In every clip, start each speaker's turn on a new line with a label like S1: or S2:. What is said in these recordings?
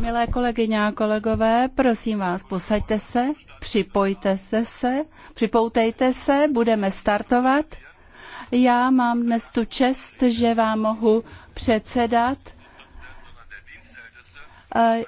S1: Milé kolegyně a kolegové, prosím vás, posaďte se, připojte se se, připoutejte se, budeme startovat. Já mám dnes tu čest, že vám mohu předsedat. Uh,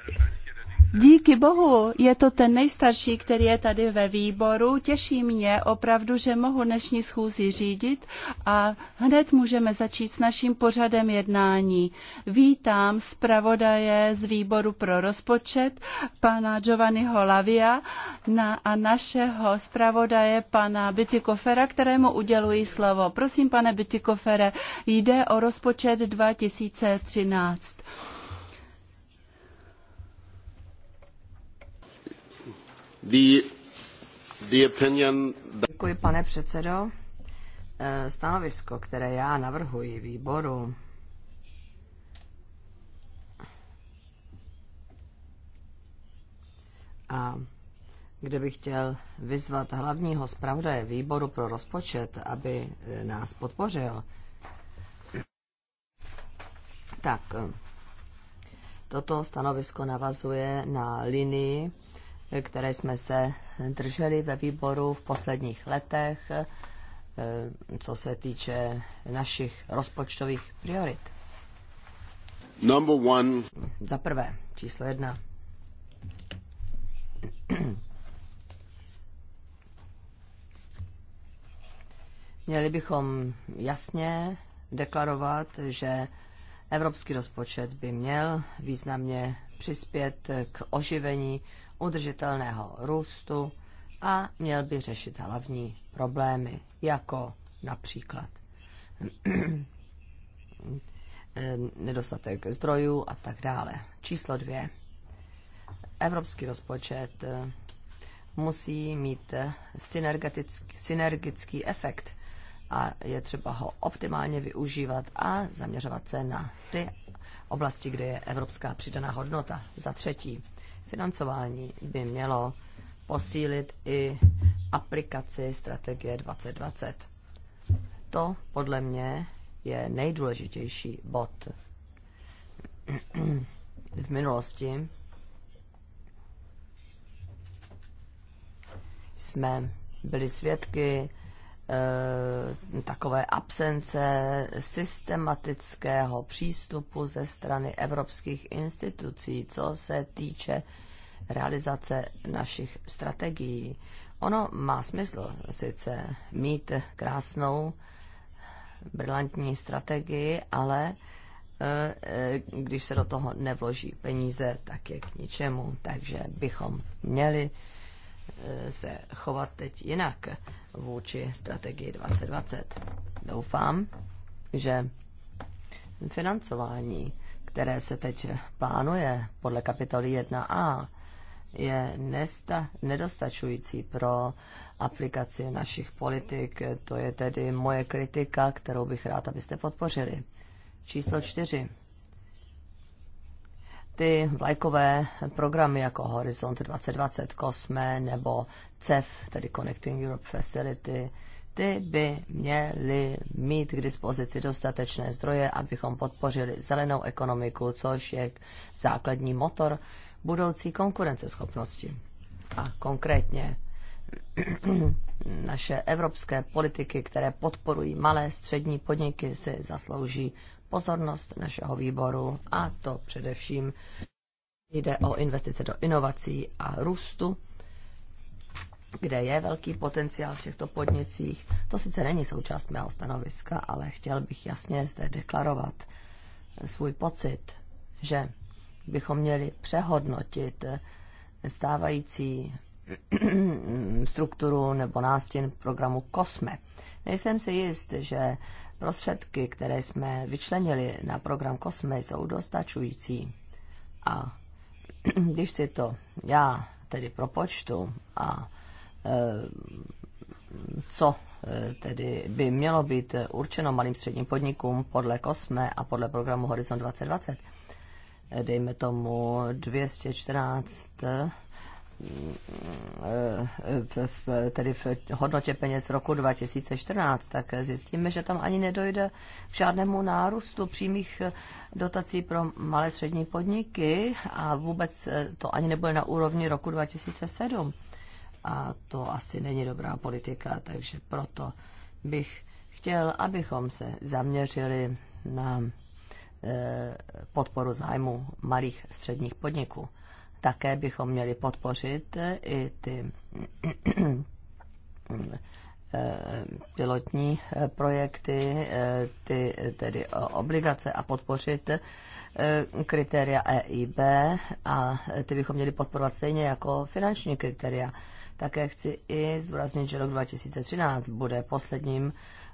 S1: Díky bohu je to ten nejstarší, který je tady ve výboru. Těší mě opravdu, že mohu dnešní schůzi řídit a hned můžeme začít s naším pořadem jednání. Vítám zpravodaje z výboru pro rozpočet, pana Giovanniho Lavia na, a našeho zpravodaje, pana Bytikofera, kterému uděluji slovo. Prosím, pane Bytikofere, jde o rozpočet 2013.
S2: Děkuji, pane předsedo. Eh, stanovisko, které já navrhuji výboru, a kde bych chtěl vyzvat hlavního zpravodaje výboru pro rozpočet, aby eh, nás podpořil. Tak, eh, toto stanovisko navazuje na linii které jsme se drželi ve výboru v posledních letech, eh, co se týče našich rozpočtových priorit. Number one. Za prvé, číslo jedna. Měli bychom jasně deklarovat, že evropský rozpočet by měl významně přispět k oživení udržitelného růstu a měl by řešit hlavní problémy, jako například nedostatek zdrojů a tak dále. Číslo dvě. Evropský rozpočet eh, musí mít eh, synergetický, synergický efekt a je třeba ho optimálně využívat a zaměřovat se na ty oblasti, kde je evropská přidaná hodnota. Za třetí, Financování by mělo posílit i aplikaci strategie 2020. To podle mě je nejdůležitější bod. V minulosti jsme byli svědky Eh, takové absence systematického přístupu ze strany evropských institucí, co se týče realizace našich strategií. Ono má smysl sice mít krásnou, brilantní strategii, ale eh, když se do toho nevloží peníze, tak je k ničemu. Takže bychom měli eh, se chovat teď jinak vůči strategii 2020. Doufám, že financování, které se teď plánuje podle kapitoly 1a, je nesta, nedostačující pro aplikaci našich politik. To je tedy moje kritika, kterou bych rád, abyste podpořili. Číslo čtyři ty vlajkové programy jako Horizont 2020, COSME nebo CEF, tedy Connecting Europe Facility, ty by měly mít k dispozici dostatečné zdroje, abychom podpořili zelenou ekonomiku, což je základní motor budoucí konkurenceschopnosti. A konkrétně naše evropské politiky, které podporují malé střední podniky, si zaslouží pozornost našeho výboru a to především jde o investice do inovací a růstu, kde je velký potenciál v těchto podnicích. To sice není součást mého stanoviska, ale chtěl bych jasně zde deklarovat svůj pocit, že bychom měli přehodnotit stávající strukturu nebo nástěn programu COSME. Nejsem si jist, že Prostředky, které jsme vyčlenili na program COSME, jsou dostačující. A když si to já tedy propočtu a eh, co eh, tedy by mělo být určeno malým středním podnikům podle COSME a podle programu Horizon 2020, eh, dejme tomu 214 v, v, tedy v hodnotě peněz roku 2014, tak zjistíme, že tam ani nedojde k žádnému nárůstu přímých dotací pro malé střední podniky a vůbec to ani nebude na úrovni roku 2007. A to asi není dobrá politika, takže proto bych chtěl, abychom se zaměřili na eh, podporu zájmu malých středních podniků. Také bychom měli podpořit eh, i ty eh, pilotní eh, projekty, ty tedy obligace a podpořit kritéria EIB a ty bychom měli podporovat stejně jako finanční kritéria. Také chci i zdůraznit, že rok 2013 bude posledním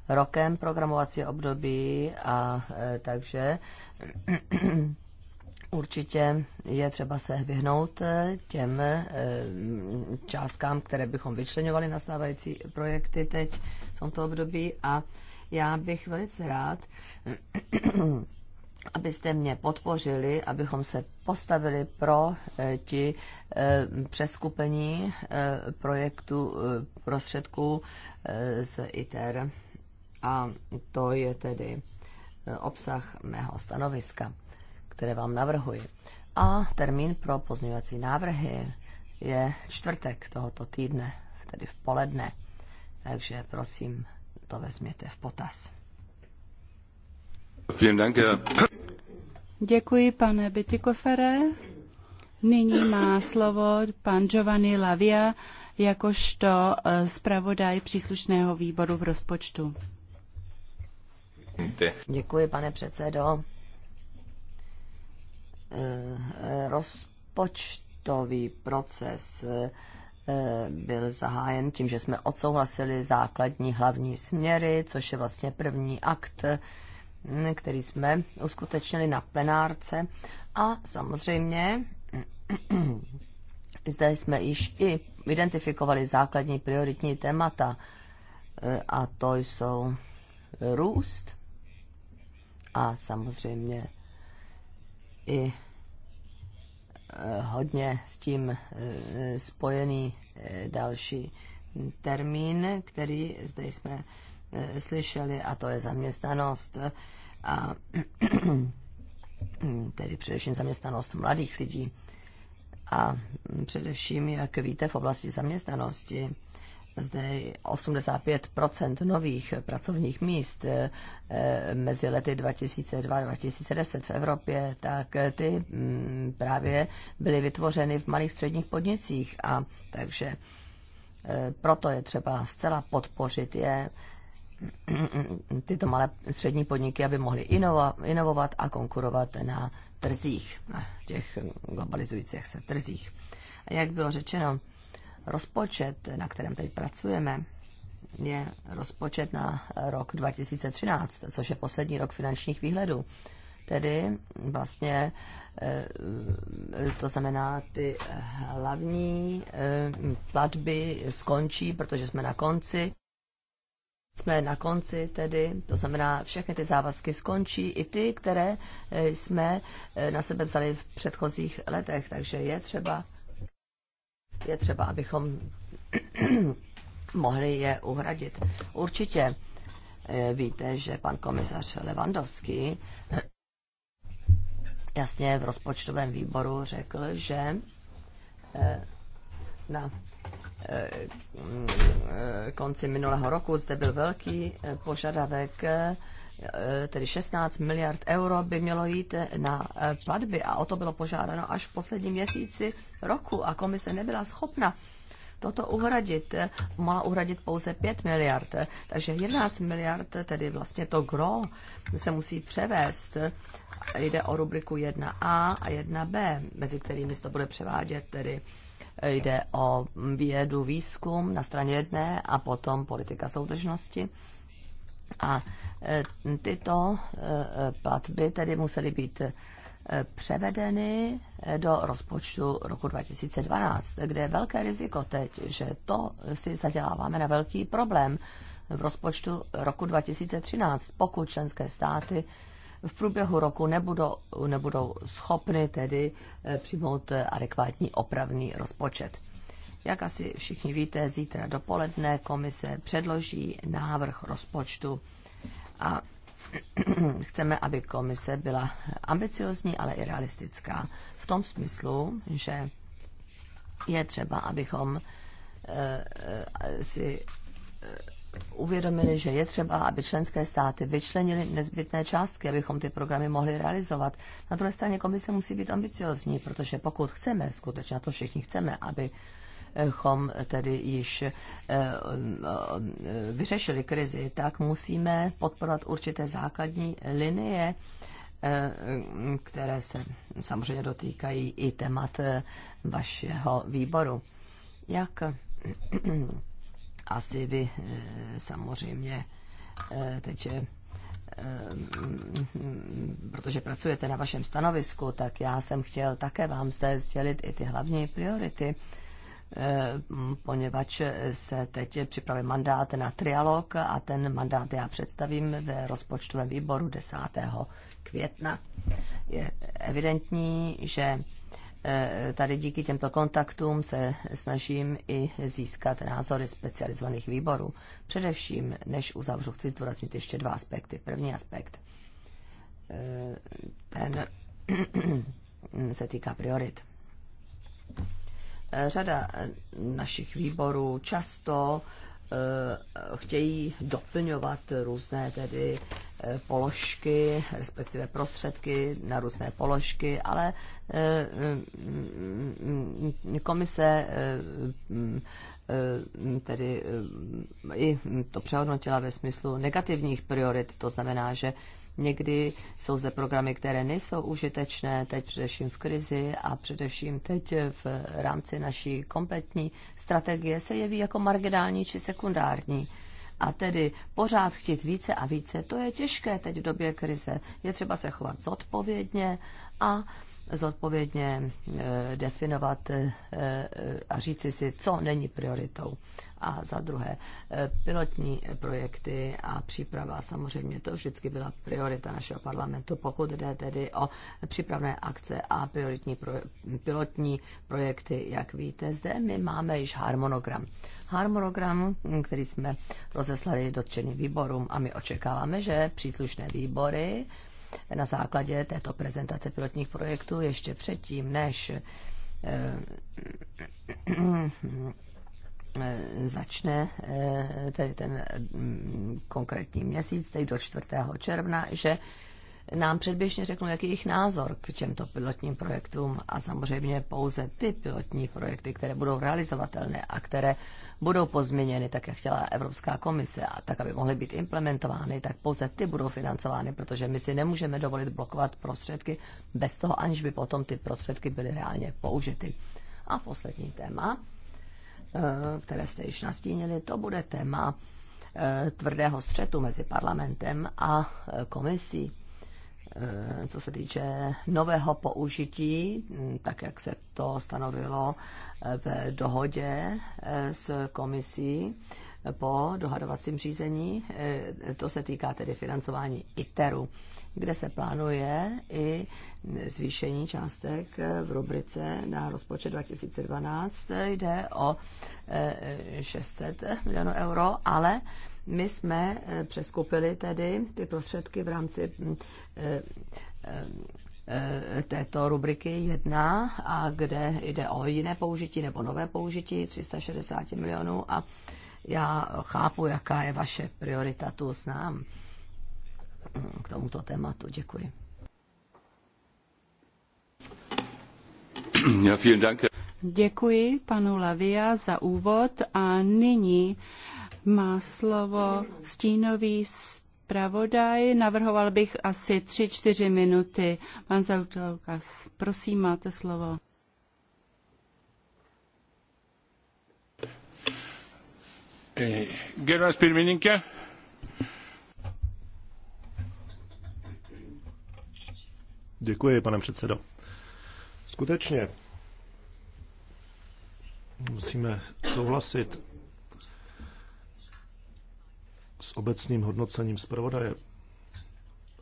S2: rokem programovací období a takže Určitě je třeba se vyhnout eh, těm eh, částkám, které bychom vyčlenovali na stávající projekty teď v tomto období a já bych velice rád, abyste mě podpořili, abychom se postavili pro eh, ti přeskupení projektu prostředků z ITER. A to je tedy obsah mého stanoviska které vám navrhuji. A termín pro pozměňovací návrhy je čtvrtek tohoto týdne, tedy v poledne. Takže prosím, to vezměte v potaz.
S1: Děkuji, pane Bytikofere. Nyní má slovo pan Giovanni Lavia jakožto eh, zpravodaj příslušného výboru v rozpočtu. Děkuji, pane předsedo.
S2: Eh, rozpočtový proces eh, byl zahájen tím, že jsme odsouhlasili základní hlavní směry, což je vlastně první akt, mm, který jsme uskutečnili na plenárce. A samozřejmě zde jsme již i identifikovali základní prioritní témata, eh, a to jsou růst a samozřejmě i eh, hodně s tím eh, spojený eh, další termín, který zde jsme slyšeli, a to je zaměstnanost a tedy především zaměstnanost mladých lidí. A především, jak víte, v oblasti zaměstnanosti zde 85 nových pracovních míst eh, eh, mezi lety 2002-2010 a v Evropě, tak eh, ty mm, právě byly vytvořeny v malých středních podnicích a takže proto je třeba zcela podpořit je, mm, tyto malé střední podniky, aby mohly inovovat a konkurovat na trzích, na těch globalizujících se trzích. A jak bylo řečeno, rozpočet, na kterém teď pracujeme, je rozpočet na rok 2013, což je poslední rok finančních výhledů. Tedy vlastně eh, to znamená, ty hlavní eh, platby skončí, protože jsme na konci. Jsme na konci tedy, to znamená, všechny ty závazky skončí, i ty, které eh, jsme na sebe vzali v předchozích letech, takže je třeba je třeba, abychom mohli je uhradit. Určitě eh, víte, že pan komisař Levandovský jasně v rozpočtovém výboru řekl, že eh, na eh, mm, konci minulého roku zde byl velký požadavek Eh, tedy 16 miliard euro by mělo jít eh, na eh, platby a o to bylo požádáno až v posledním měsíci roku a komise nebyla schopna toto uhradit. Mohla uhradit pouze 5 miliard, takže 11 miliard, tedy vlastně to gro, se musí převést. Jde o rubriku 1a a 1b, mezi kterými se to bude převádět tedy jde o vědu, výzkum na straně jedné a potom politika soudržnosti a e, tyto e, e, platby tedy musely být převedeny do rozpočtu roku 2012, kde je velké riziko teď, že to si zaděláváme na velký problém v rozpočtu roku 2013, pokud členské státy v průběhu roku nebudou, nebudou schopny tedy přijmout adekvátní opravný rozpočet. Jak asi všichni víte, zítra dopoledne komise předloží návrh rozpočtu a chceme, aby komise byla ambiciozní, ale i realistická. V tom smyslu, že je třeba, abychom eh, eh, si eh, uvědomili, že je třeba, aby členské státy vyčlenili nezbytné částky, abychom ty programy mohli realizovat. Na druhé straně komise musí být ambiciozní, protože pokud chceme, skutečně to všichni chceme, aby abychom tedy již eh, eh, vyřešili krizi, tak musíme podporovat určité základní linie, eh, které se samozřejmě dotýkají i témat vašeho výboru. Jak asi vy samozřejmě teď mm, protože pracujete na vašem stanovisku, tak já jsem chtěl také vám zde sdělit i ty hlavní priority Eh, poněvadž se teď připravuje mandát na trialog a ten mandát já představím ve rozpočtovém výboru 10. května. Je evidentní, že eh, tady díky těmto kontaktům se snažím i získat názory specializovaných výborů. Především, než uzavřu, chci zdůraznit ještě dva aspekty. První aspekt, eh, ten se týká priorit. Eh, řada eh, našich výborů často eh, chtějí doplňovat různé tedy položky, respektive prostředky na různé položky, ale mm, komise mm, tedy i to přehodnotila ve smyslu negativních priorit, to znamená, že Někdy jsou zde programy, které nejsou užitečné, teď především v krizi a především teď v rámci naší kompletní strategie se jeví jako marginální či sekundární. A tedy pořád chtít více a více, to je těžké teď v době krize. Je třeba se chovat zodpovědně a zodpovědně eh, definovat eh, eh, a říci si, co není prioritou. A za druhé, pilotní projekty a příprava. Samozřejmě to vždycky byla priorita našeho parlamentu, pokud jde tedy o přípravné akce a prioritní pro, pilotní projekty, jak víte. Zde my máme již harmonogram. Harmonogram, který jsme rozeslali dotčeným výborům a my očekáváme, že příslušné výbory, na základě této prezentace pilotních projektů ještě předtím, než eh, eh, začne eh, tedy ten mm, konkrétní měsíc, tedy do 4. června, že nám předběžně řeknou, jaký je jejich názor k těmto pilotním projektům a samozřejmě pouze ty pilotní projekty, které budou realizovatelné a které budou pozměněny, tak jak chtěla Evropská komise, a tak, aby mohly být implementovány, tak pouze ty budou financovány, protože my si nemůžeme dovolit blokovat prostředky bez toho, aniž by potom ty prostředky byly reálně použity. A poslední téma, eh, které jste již nastínili, to bude téma eh, tvrdého střetu mezi parlamentem a eh, komisí. Eh, co se týče nového použití, hm, tak jak se to stanovilo eh, v dohodě eh, s komisí po dohadovacím řízení. To se týká tedy financování ITERu, kde se plánuje i zvýšení částek v rubrice na rozpočet 2012. Jde o 600 milionů euro, ale my jsme eh, přeskupili tedy ty prostředky v rámci mm, eh, eh, této rubriky 1, a kde jde o jiné použití nebo nové použití 360 milionů a já chápu, jaká je vaše priorita, tu nám mm, k tomuto
S1: tématu. Děkuji. Děkuji panu Lavia za úvod a nyní má slovo stínový zpravodaj. Navrhoval bych asi 3-4 minuty. Pan Zautolkas, prosím, máte slovo. Eh, Gerbiamas pirmininkė.
S3: Děkuji, pane předsedo. Skutečně musíme souhlasit s obecným hodnocením zpravodaje.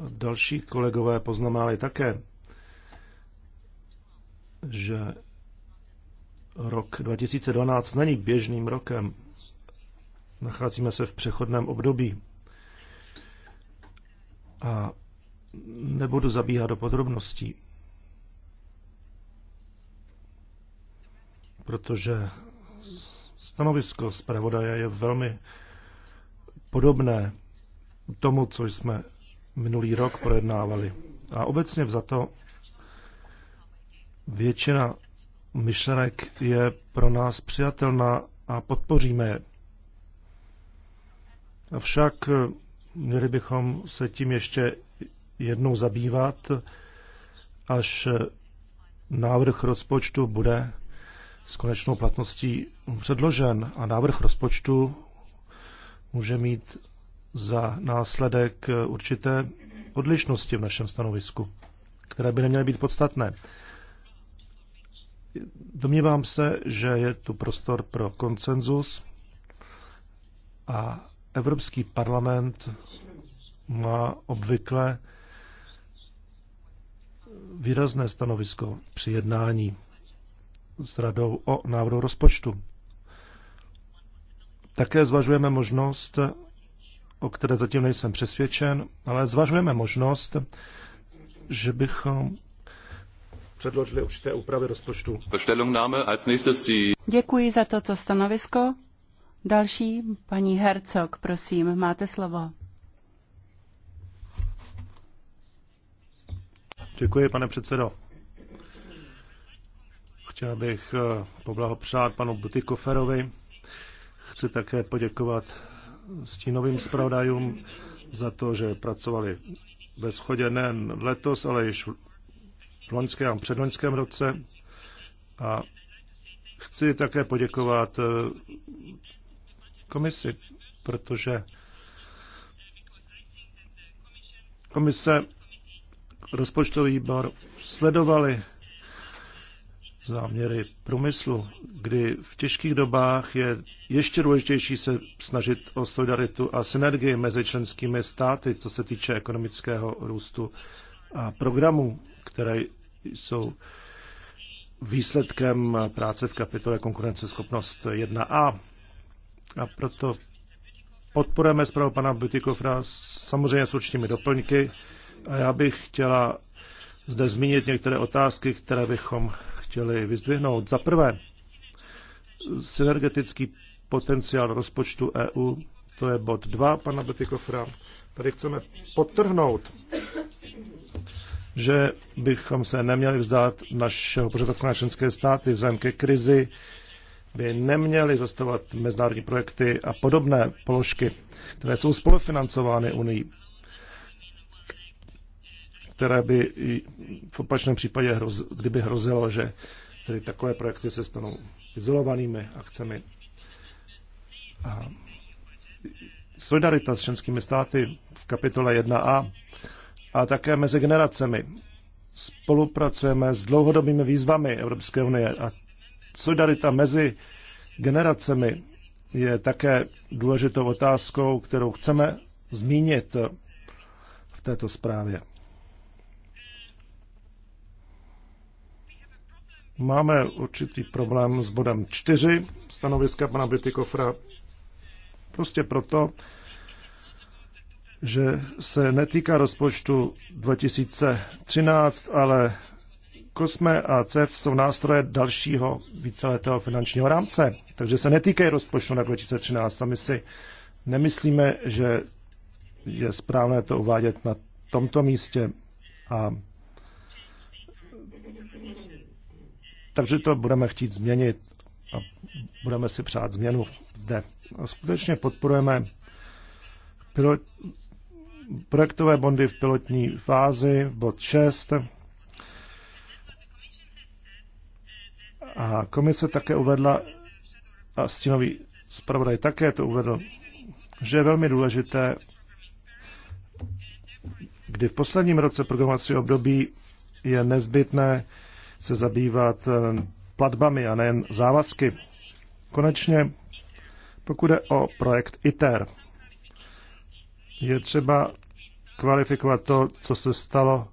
S3: Další kolegové poznamenali také, že rok 2012 není běžným rokem. Nacházíme se v přechodném období. A nebudu zabíhat do podrobností, protože stanovisko zpravodaje je velmi podobné tomu, co jsme minulý rok projednávali. A obecně za to většina myšlenek je pro nás přijatelná a podpoříme je. Avšak měli bychom se tím ještě jednou zabývat, až návrh rozpočtu bude s konečnou platností předložen a návrh rozpočtu může mít za následek určité odlišnosti v našem stanovisku, které by neměly být podstatné. Domnívám se, že je tu prostor pro konsenzus a Evropský parlament má obvykle výrazné stanovisko při jednání s radou o návrhu rozpočtu. Také zvažujeme možnost, o které zatím nejsem přesvědčen, ale zvažujeme možnost, že bychom předložili určité úpravy rozpočtu.
S1: Děkuji za toto stanovisko. Další, paní Hercog, prosím, máte slovo.
S3: Děkuji, pane předsedo. Chtěl bych eh, poblahopřát panu Butikoferovi Chci také poděkovat stínovým zpravodajům za to, že pracovali ve schodě nejen letos, ale již v loňském a předloňském roce. A chci také poděkovat eh, komisi, protože komise, rozpočtový výbor sledovali záměry průmyslu, kdy v těžkých dobách je ještě důležitější se snažit o solidaritu a synergii mezi členskými státy, co se týče ekonomického růstu a programů, které jsou výsledkem práce v kapitole konkurenceschopnost 1a. A proto podporujeme zprávu pana Butikofra samozřejmě s určitými doplňky a já bych chtěla zde zmínit některé otázky, které bychom chtěli vyzdvihnout. Za prvé, synergetický potenciál rozpočtu EU, to je bod 2 pana Betikofra. Tady chceme podtrhnout, že bychom se neměli vzdát našeho požadavku na členské státy vzhledem ke krizi, by neměli zastavovat mezinárodní projekty a podobné položky, které jsou spolufinancovány Unii které by v opačném případě, hroz, kdyby hrozilo, že tedy takové projekty se stanou izolovanými akcemi. A solidarita s členskými státy v kapitole 1a a také mezi generacemi. Spolupracujeme s dlouhodobými výzvami Evropské unie a solidarita mezi generacemi je také důležitou otázkou, kterou chceme zmínit v této zprávě. Máme určitý problém s bodem 4 stanoviska pana Bytykofra. Prostě proto, že se netýká rozpočtu 2013, ale Kosme a CEF jsou nástroje dalšího víceletého finančního rámce, takže se netýkají rozpočtu na 2013 a my si nemyslíme, že je správné to uvádět na tomto místě a Takže to budeme chtít změnit a budeme si přát změnu zde. A skutečně podporujeme pilot, projektové bondy v pilotní fázi, v bod 6. A komise také uvedla, a stínový zpravodaj také to uvedl, že je velmi důležité, kdy v posledním roce programovacího období je nezbytné se zabývat eh, platbami a nejen závazky. Konečně, pokud je o projekt ITER, je třeba kvalifikovat to, co se stalo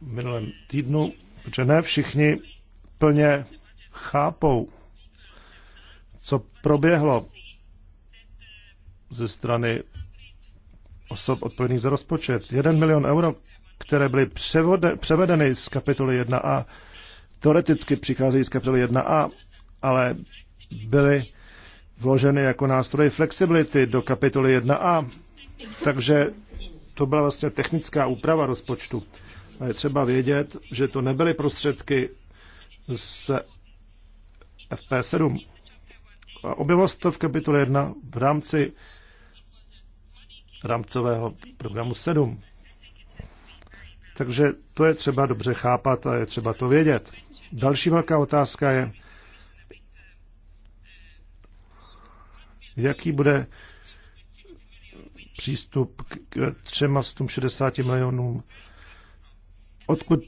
S3: v minulém týdnu, protože ne všichni plně chápou, co proběhlo ze strany osob odpovědných za rozpočet. Jeden milion euro které byly převode, převedeny z kapitoly 1a, teoreticky přicházejí z kapitoly 1a, ale byly vloženy jako nástroje flexibility do kapitoly 1a. Takže to byla vlastně technická úprava rozpočtu. A je třeba vědět, že to nebyly prostředky z FP7. A objevilo se to v kapitole 1 v rámci rámcového programu 7. Takže to je třeba dobře chápat a je třeba to vědět. Další velká otázka je, jaký bude přístup k 360 milionům, odkud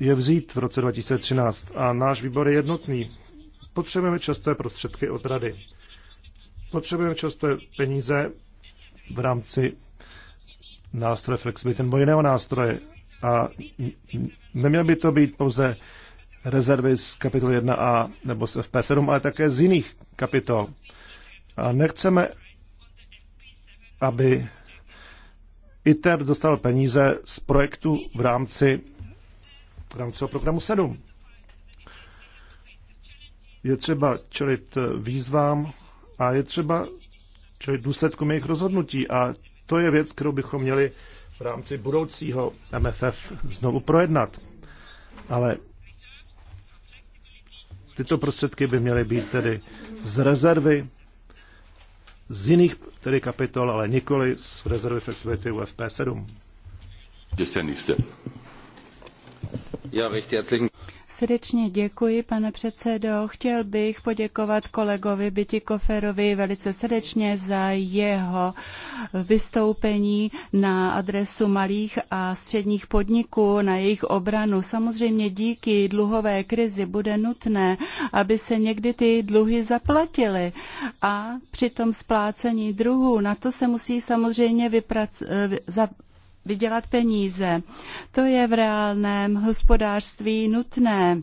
S3: je vzít v roce 2013. A náš výbor je jednotný. Potřebujeme časté prostředky od rady. Potřebujeme časté peníze v rámci nástroje flexibility nebo jiného nástroje. A neměl by to být pouze rezervy z kapitoly 1a nebo z FP7, ale také z jiných kapitol. A nechceme, aby ITER dostal peníze z projektu v rámci rámci programu 7. Je třeba čelit výzvám a je třeba čelit důsledkům jejich rozhodnutí. A to je věc, kterou bychom měli rámci budoucího MFF znovu projednat. Ale tyto prostředky by měly být tedy z rezervy, z jiných tedy kapitol, ale nikoli z rezervy flexibility u FP7.
S1: Srdečně děkuji, pane předsedo. Chtěl bych poděkovat kolegovi Bytikoferovi velice srdečně za jeho vystoupení na adresu malých a středních podniků na jejich obranu. Samozřejmě díky dluhové krizi bude nutné, aby se někdy ty dluhy zaplatily. A při tom splácení druhů, na to se musí samozřejmě vypracovat vydělat peníze. To je v reálném hospodářství nutné.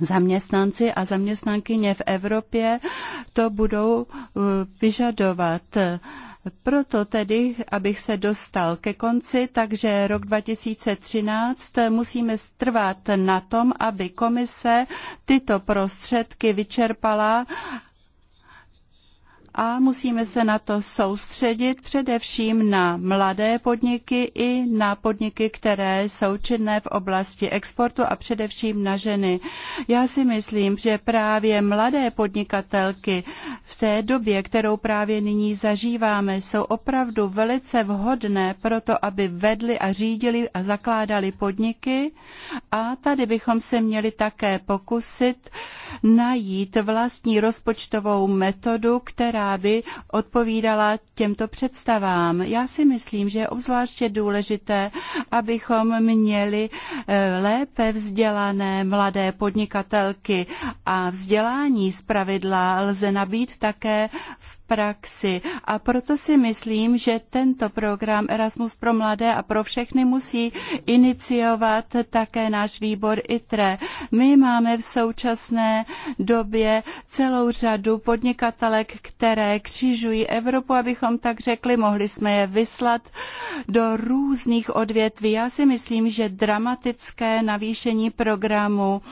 S1: Zaměstnanci a zaměstnankyně v Evropě to budou uh, vyžadovat. Proto tedy, abych se dostal ke konci, takže rok 2013 musíme strvat na tom, aby komise tyto prostředky vyčerpala a musíme se na to soustředit především na mladé podniky i na podniky, které jsou činné v oblasti exportu a především na ženy. Já si myslím, že právě mladé podnikatelky v té době, kterou právě nyní zažíváme, jsou opravdu velice vhodné pro to, aby vedly a řídili a zakládali podniky a tady bychom se měli také pokusit najít vlastní rozpočtovou metodu, která která by odpovídala těmto představám. Já si myslím, že je obzvláště důležité, abychom měli eh, lépe vzdělané mladé podnikatelky a vzdělání pravidla lze nabít také v praxi. A proto si myslím, že tento program Erasmus pro mladé a pro všechny musí iniciovat také náš výbor ITRE. My máme v současné době celou řadu podnikatelek, které křižují Evropu, abychom tak řekli, mohli jsme je vyslat do různých odvětví. Já si myslím, že dramatické navýšení programu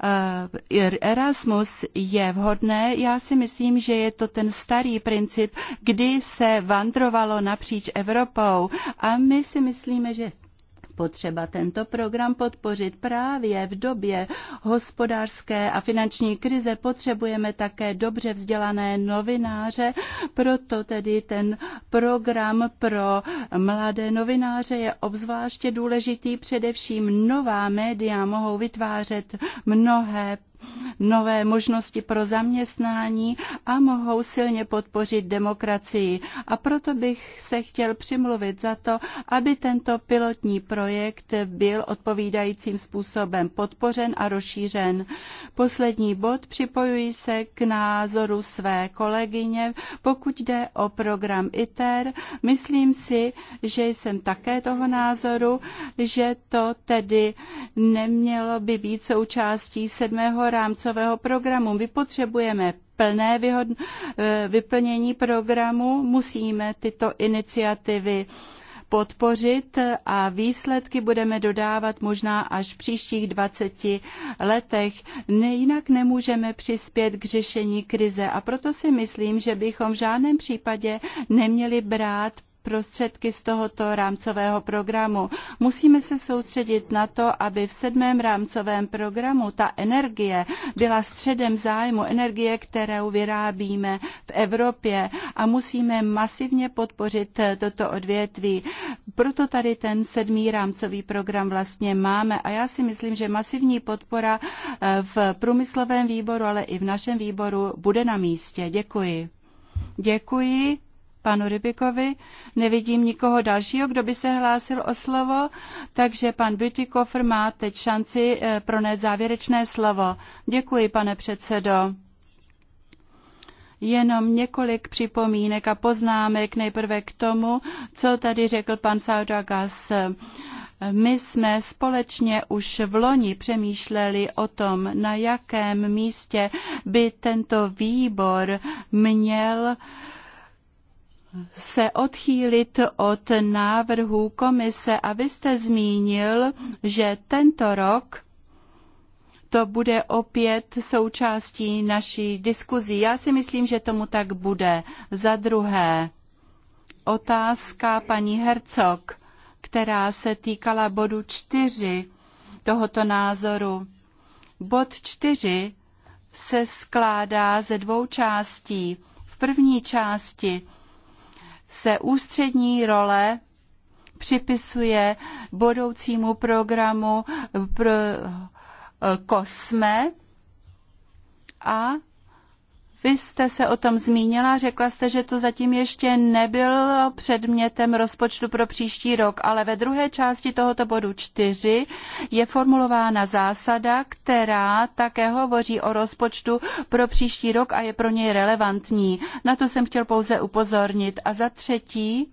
S1: Eh, er- Erasmus je vhodné. Já si myslím, že je to ten starý princip, kdy se vandrovalo napříč Evropou a my si myslíme, že potřeba tento program podpořit právě v době hospodářské a finanční krize. Potřebujeme také dobře vzdělané novináře, proto tedy ten program pro mladé novináře je obzvláště důležitý. Především nová média mohou vytvářet mnohé nové možnosti pro zaměstnání a mohou silně podpořit demokracii. A proto bych se chtěl přimluvit za to, aby tento pilotní projekt byl odpovídajícím způsobem podpořen a rozšířen. Poslední bod, připojuji se k názoru své kolegyně, pokud jde o program ITER. Myslím si, že jsem také toho názoru, že to tedy nemělo by být součástí sedmého rámcového programu. My potřebujeme plné eh, vyplnění programu, musíme tyto iniciativy podpořit a výsledky budeme dodávat možná až v příštích 20 letech. Ne, jinak nemůžeme přispět k řešení krize a proto si myslím, že bychom v žádném případě neměli brát prostředky z tohoto rámcového programu. Musíme se soustředit na to, aby v sedmém rámcovém programu ta energie byla středem zájmu, energie, kterou vyrábíme v Evropě a musíme masivně podpořit toto odvětví. Proto tady ten sedmý rámcový program vlastně máme a já si myslím, že masivní podpora eh, v průmyslovém výboru, ale i v našem výboru bude na místě. Děkuji. Děkuji panu Rybikovi. Nevidím nikoho dalšího, kdo by se hlásil o slovo, takže pan Bytykofr má teď šanci eh, pronést závěrečné slovo. Děkuji, pane předsedo. Jenom několik připomínek a poznámek nejprve k tomu, co tady řekl pan Saudagas. My jsme společně už v loni přemýšleli o tom, na jakém místě by tento výbor měl uh, se odchýlit od návrhu komise a vy jste zmínil, že tento rok to bude opět součástí naší diskuzí. Já si myslím, že tomu tak bude. Za druhé, otázka paní Hercog, která se týkala bodu čtyři tohoto názoru. Bod čtyři se skládá ze dvou částí. V první části se ústřední role připisuje budoucímu programu pro eh, Kosme a vy jste se o tom zmínila, řekla jste, že to zatím ještě nebylo předmětem rozpočtu pro příští rok, ale ve druhé části tohoto bodu 4 je formulována zásada, která také hovoří o rozpočtu pro příští rok a je pro něj relevantní. Na to jsem chtěl pouze upozornit. A za třetí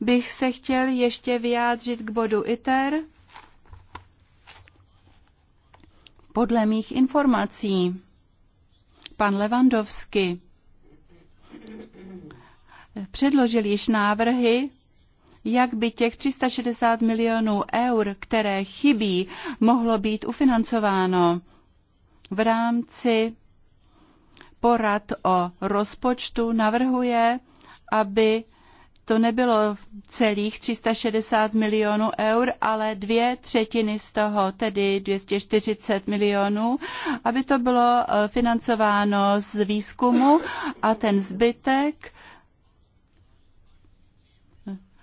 S1: bych se chtěl ještě vyjádřit k bodu ITER. Podle mých informací Pan Levandovský předložil již návrhy, jak by těch 360 milionů eur, které chybí, mohlo být ufinancováno v rámci porad o rozpočtu navrhuje, aby to nebylo celých 360 milionů eur, ale dvě třetiny z toho, tedy 240 milionů, aby to bylo eh, financováno z výzkumu a ten zbytek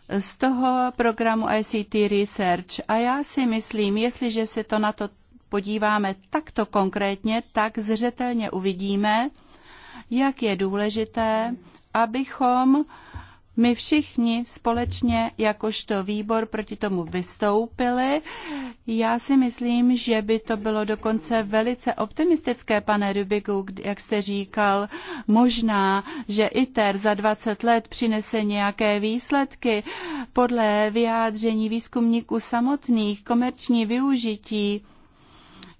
S1: eh, z toho programu ICT Research. A já si myslím, jestliže se to na to podíváme takto konkrétně, tak zřetelně uvidíme, jak je důležité, abychom my všichni společně jakožto výbor proti tomu vystoupili. Já si myslím, že by to bylo dokonce velice optimistické, pane Rubiku, jak jste říkal, možná, že ITER za 20 let přinese nějaké výsledky podle vyjádření výzkumníků samotných, komerční využití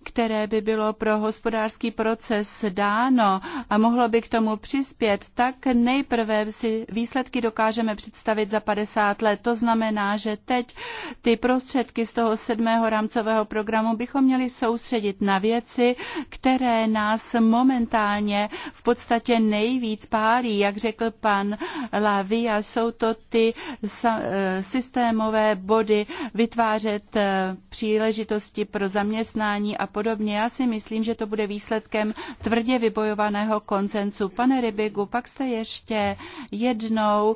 S1: které by bylo pro hospodářský proces dáno a mohlo by k tomu přispět, tak nejprve si výsledky dokážeme představit za 50 let. To znamená, že teď ty prostředky z toho sedmého rámcového programu bychom měli soustředit na věci, které nás momentálně v podstatě nejvíc pálí, jak řekl pan Lavi, a jsou to ty eh, systémové body vytvářet eh, příležitosti pro zaměstnání a podobně. Já si myslím, že to bude výsledkem tvrdě vybojovaného koncensu. Pane Rybigu, pak jste ještě jednou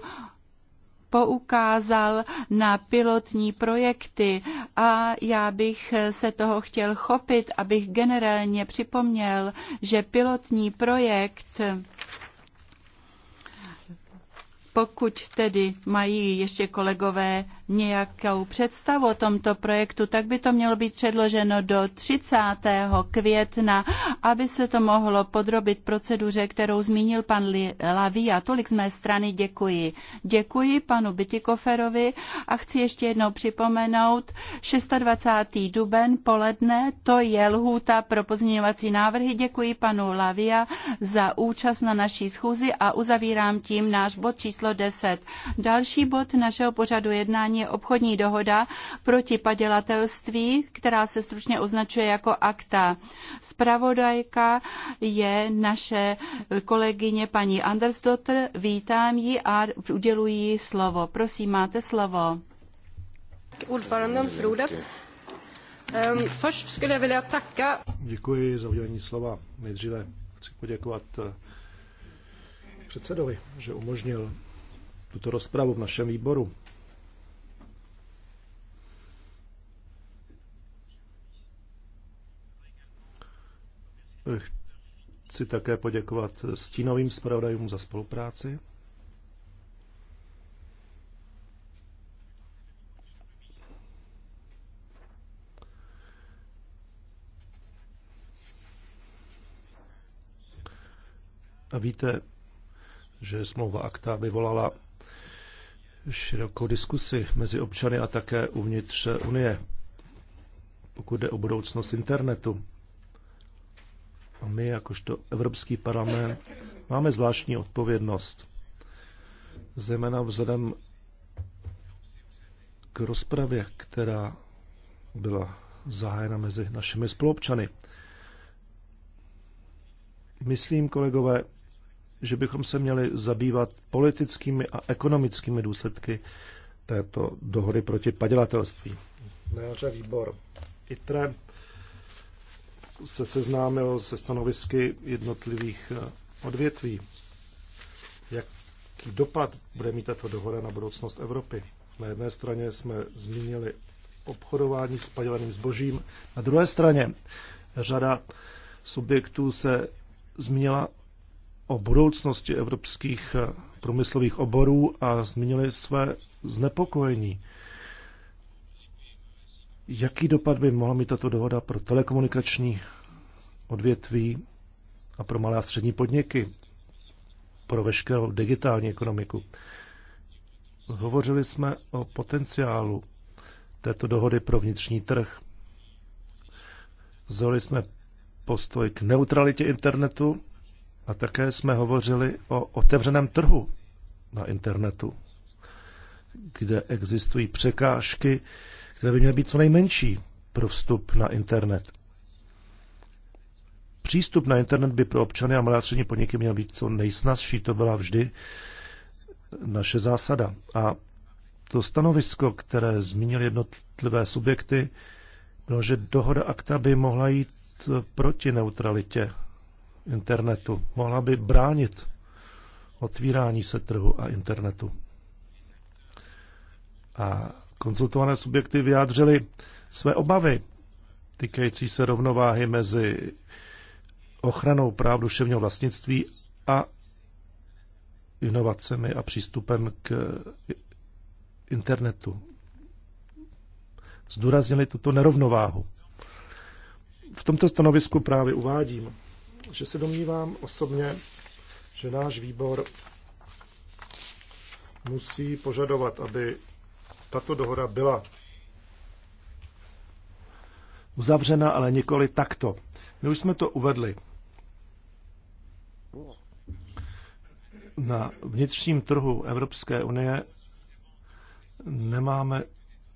S1: poukázal na pilotní projekty a já bych se toho chtěl chopit, abych generálně připomněl, že pilotní projekt pokud tedy mají ještě kolegové nějakou představu o tomto projektu, tak by to mělo být předloženo do 30. května, aby se to mohlo podrobit proceduře, kterou zmínil pan a Tolik z mé strany děkuji. Děkuji panu Bytikoferovi a chci ještě jednou připomenout 26. duben poledne, to je lhůta pro pozměňovací návrhy. Děkuji panu Lavia za účast na naší schůzi a uzavírám tím náš bod číslo 10. Další bod našeho pořadu jednání je obchodní dohoda proti padělatelství, která se stručně označuje jako akta. Spravodajka je naše kolegyně paní Andersdotter. Vítám ji a uděluji jí slovo. Prosím, máte slovo. Ehm,
S3: Děkuji za udělení slova. Nejdříve chci poděkovat eh, předsedovi, že umožnil tuto rozpravu v našem výboru. Chci také poděkovat stínovým zpravodajům za spolupráci. A víte, že smlouva akta vyvolala širokou diskusi mezi občany a také uvnitř Unie, pokud jde o budoucnost internetu. A my, jakožto Evropský parlament, máme zvláštní odpovědnost. Zejména vzhledem k rozpravě, která byla zahájena mezi našimi spolupčany. Myslím, kolegové, že bychom se měli zabývat politickými a ekonomickými důsledky této dohody proti padělatelství. Na výbor ITRE se seznámil se stanovisky jednotlivých eh, odvětví. Jaký dopad bude mít tato dohoda na budoucnost Evropy? Na jedné straně jsme zmínili obchodování s padělaným zbožím, na druhé straně řada subjektů se zmínila o budoucnosti evropských eh, průmyslových oborů a zmínili své znepokojení Jaký dopad by mohla mít tato dohoda pro telekomunikační odvětví a pro malé a střední podniky, pro veškerou digitální ekonomiku? Hovořili jsme o potenciálu této dohody pro vnitřní trh. Vzali jsme postoj k neutralitě internetu a také jsme hovořili o otevřeném trhu na internetu, kde existují překážky, které by měly být co nejmenší pro vstup na internet. Přístup na internet by pro občany a malé a střední podniky měl být co nejsnazší, to byla vždy naše zásada. A to stanovisko, které zmínil jednotlivé subjekty, bylo, že dohoda akta by mohla jít proti neutralitě internetu. Mohla by bránit otvírání se trhu a internetu. A konzultované subjekty vyjádřily své obavy týkající se rovnováhy mezi ochranou práv duševního vlastnictví a inovacemi a přístupem k internetu. Zdůraznili tuto nerovnováhu. V tomto stanovisku právě uvádím, že se domnívám osobně, že náš výbor musí požadovat, aby tato dohoda byla uzavřena, ale nikoli takto. My už jsme to uvedli. Na vnitřním trhu Evropské unie nemáme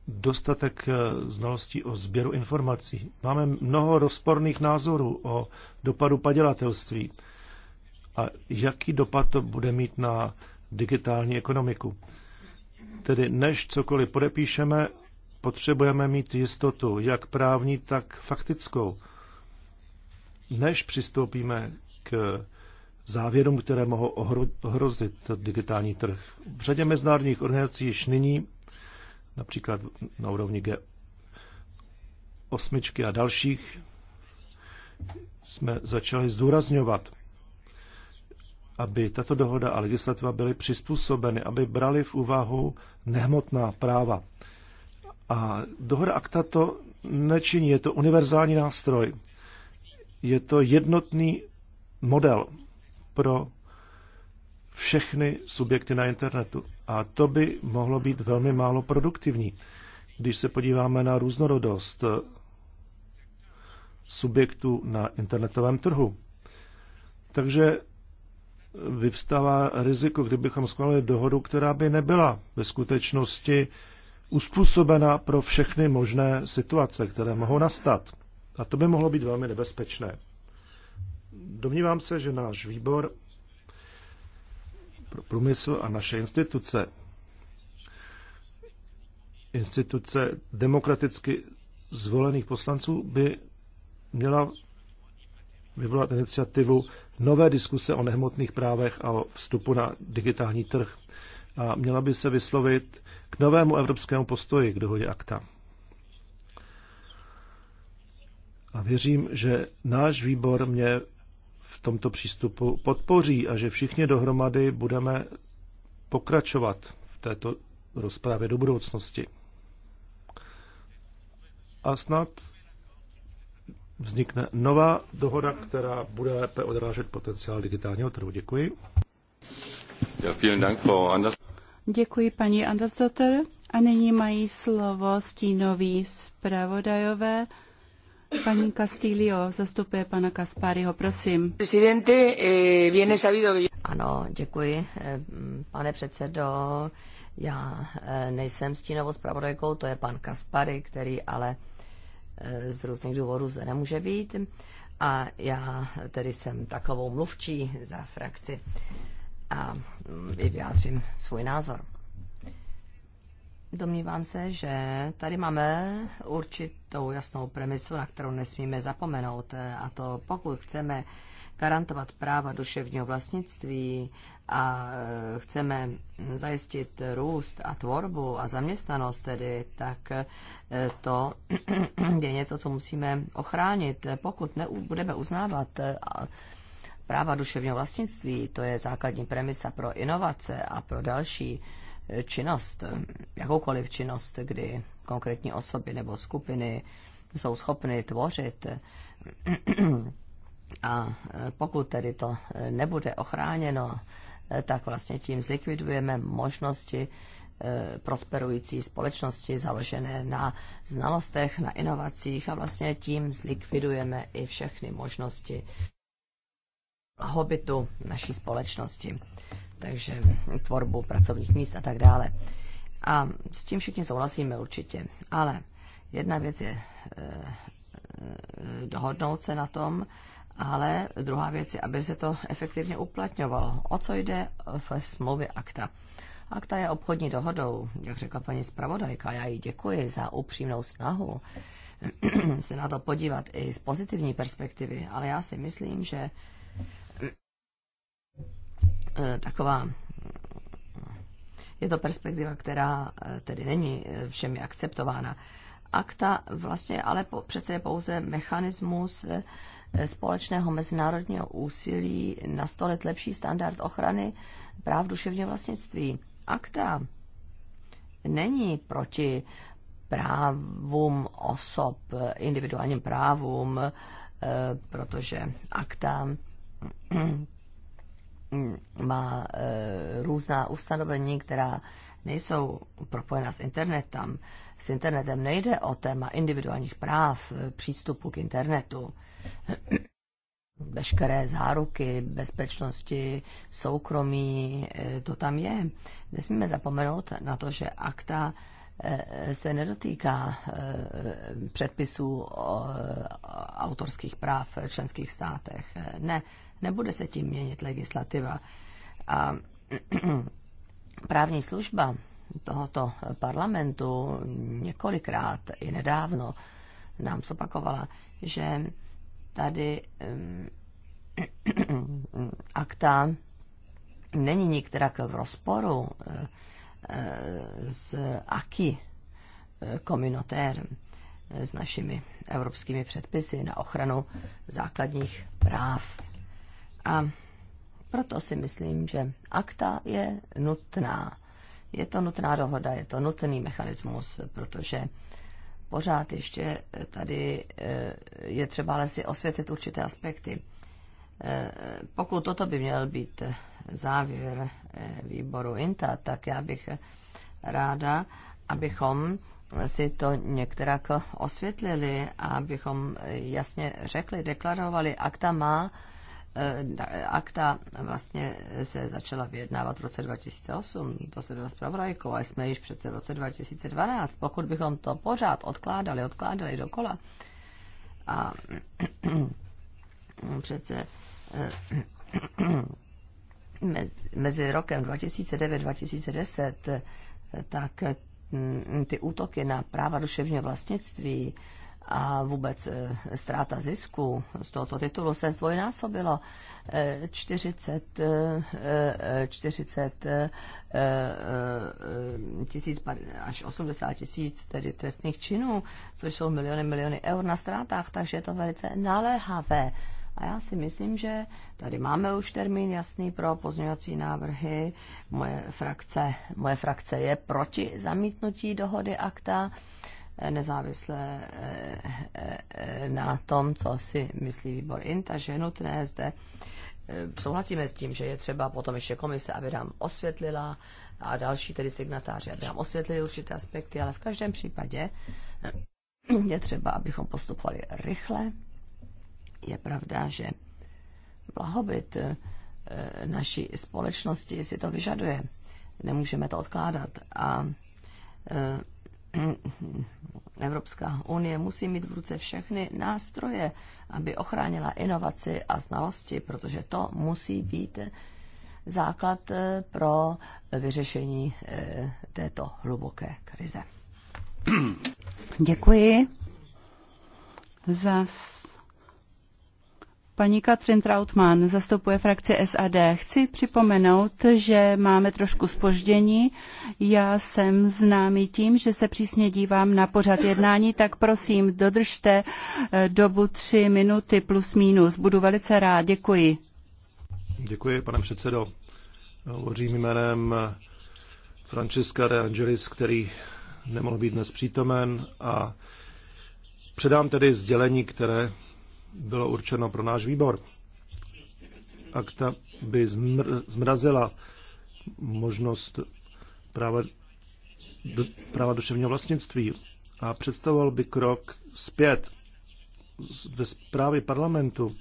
S3: dostatek eh, znalostí o sběru informací. Máme mnoho rozporných názorů o dopadu padělatelství a jaký dopad to bude mít na digitální ekonomiku. Tedy než cokoliv podepíšeme, potřebujeme mít jistotu, jak právní, tak faktickou. Než přistoupíme k závěrům, které mohou ohrozit digitální trh. V řadě mezinárodních organizací již nyní, například na úrovni G8 a dalších, jsme začali zdůrazňovat aby tato dohoda a legislativa byly přizpůsobeny, aby brali v úvahu nehmotná práva. A dohoda akta to nečiní, je to univerzální nástroj. Je to jednotný model pro všechny subjekty na internetu. A to by mohlo být velmi málo produktivní. Když se podíváme na různorodost subjektů na internetovém trhu. Takže vyvstává riziko, kdybychom schválili dohodu, která by nebyla ve skutečnosti uspůsobena pro všechny možné situace, které mohou nastat. A to by mohlo být velmi nebezpečné. Domnívám se, že náš výbor pro průmysl a naše instituce, instituce demokraticky zvolených poslanců by měla vyvolat iniciativu nové diskuse o nehmotných právech a o vstupu na digitální trh a měla by se vyslovit k novému evropskému postoji k dohodě akta. A věřím, že náš výbor mě v tomto přístupu podpoří a že všichni dohromady budeme pokračovat v této rozprávě do budoucnosti. A snad vznikne nová dohoda, která bude lépe odrážet potenciál digitálního trhu. Děkuji.
S2: Ja, vielen Dank, Frau Anders.
S1: Děkuji paní Andersdotter. A nyní mají slovo stínoví zpravodajové. Paní Castillo zastupuje pana Kaspáryho, prosím.
S2: Presidente, viene eh, sabido Ano, děkuji, eh, pane předsedo. Já eh, nejsem stínovou zpravodajkou, to je pan Kaspary, který ale z různých důvodů zde nemůže být. A já tedy jsem takovou mluvčí za frakci a mm, vyjádřím svůj názor. Domnívám se, že tady máme určitou jasnou premisu, na kterou nesmíme zapomenout. A to pokud chceme garantovat práva duševního vlastnictví a e, chceme zajistit růst a tvorbu a zaměstnanost tedy, tak e, to je něco, co musíme ochránit. Pokud ne, budeme uznávat e, práva duševního vlastnictví, to je základní premisa pro inovace a pro další činnost, jakoukoliv činnost, kdy konkrétní osoby nebo skupiny jsou schopny tvořit a pokud tedy to nebude ochráněno Eh, tak vlastně tím zlikvidujeme možnosti eh, prosperující společnosti založené na znalostech, na inovacích a vlastně tím zlikvidujeme i všechny možnosti hobitu naší společnosti, takže tvorbu pracovních míst a tak dále. A s tím všichni souhlasíme určitě. Ale jedna věc je eh, dohodnout se na tom ale druhá věc je, aby se to efektivně uplatňovalo. O co jde v smlouvě akta? Akta je obchodní dohodou, jak řekla paní zpravodajka. Já jí děkuji za upřímnou snahu se na to podívat i z pozitivní perspektivy, ale já si myslím, že eh, taková je to perspektiva, která eh, tedy není eh, všemi akceptována. Akta vlastně ale po, přece je pouze mechanismus, společného mezinárodního úsilí nastolit lepší standard ochrany práv duševního vlastnictví. Akta není proti právům osob, individuálním právům, eh, protože akta má eh, různá ustanovení, která nejsou propojena s internetem. S internetem nejde o téma individuálních práv eh, přístupu k internetu veškeré záruky bezpečnosti, soukromí, eh, to tam je. Nesmíme zapomenout na to, že akta eh, se nedotýká eh, předpisů o autorských práv v členských státech. Ne, nebude se tím měnit legislativa. A právní služba tohoto parlamentu několikrát i nedávno nám zopakovala, že tady akta není nikterak v rozporu eh, s aky eh, kominotérem, eh, s našimi evropskými předpisy na ochranu základních práv. A proto si myslím, že akta je nutná. Je to nutná dohoda, je to nutný mechanismus, protože pořád ještě tady je třeba ale si osvětlit určité aspekty. Eh, pokud toto by měl být závěr eh, výboru INTA, tak já bych ráda, abychom si to některak osvětlili a abychom jasně řekli, deklarovali, akta má, eh, akta vlastně se začala vyjednávat v roce 2008, to se bylo zpravodajkou, a jsme již přece v roce 2012. Pokud bychom to pořád odkládali, odkládali dokola, a přece eh, mezi rokem 2009-2010, eh, tak mm, ty útoky na práva duševního vlastnictví a vůbec e, ztráta zisku z tohoto titulu se zdvojnásobilo 40, e, 40 e, tisíc až 80 tisíc tedy trestných činů, což jsou miliony, miliony eur na ztrátách, takže je to velice naléhavé. A já si myslím, že tady máme už termín jasný pro pozměňovací návrhy. Moje frakce, moje frakce je proti zamítnutí dohody akta nezávisle eh, eh, na tom, co si myslí výbor a že je nutné zde eh, souhlasíme s tím, že je třeba potom ještě komise, aby nám osvětlila a další tedy signatáři, aby nám osvětlili určité aspekty, ale v každém případě je třeba, abychom postupovali rychle. Je pravda, že blahobyt naší společnosti si to vyžaduje. Nemůžeme to odkládat a Evropská unie musí mít v ruce všechny nástroje, aby ochránila inovaci a znalosti, protože to musí být základ eh, pro vyřešení eh, této hluboké krize.
S1: Děkuji za Paní Katrin Trautmann zastupuje frakci SAD. Chci připomenout, že máme trošku spoždění. Já jsem známý tím, že se přísně dívám na pořad jednání, tak prosím, dodržte eh, dobu tři minuty plus minus. Budu velice rád. Děkuji.
S3: Děkuji, pane předsedo. Hovořím jménem eh, Francesca de Angelis, který nemohl být dnes přítomen a předám tedy sdělení, které bylo určeno pro náš výbor. Akta by zmr- zmrazila možnost práva, do, práva duševního vlastnictví a představoval by krok zpět ve zprávě parlamentu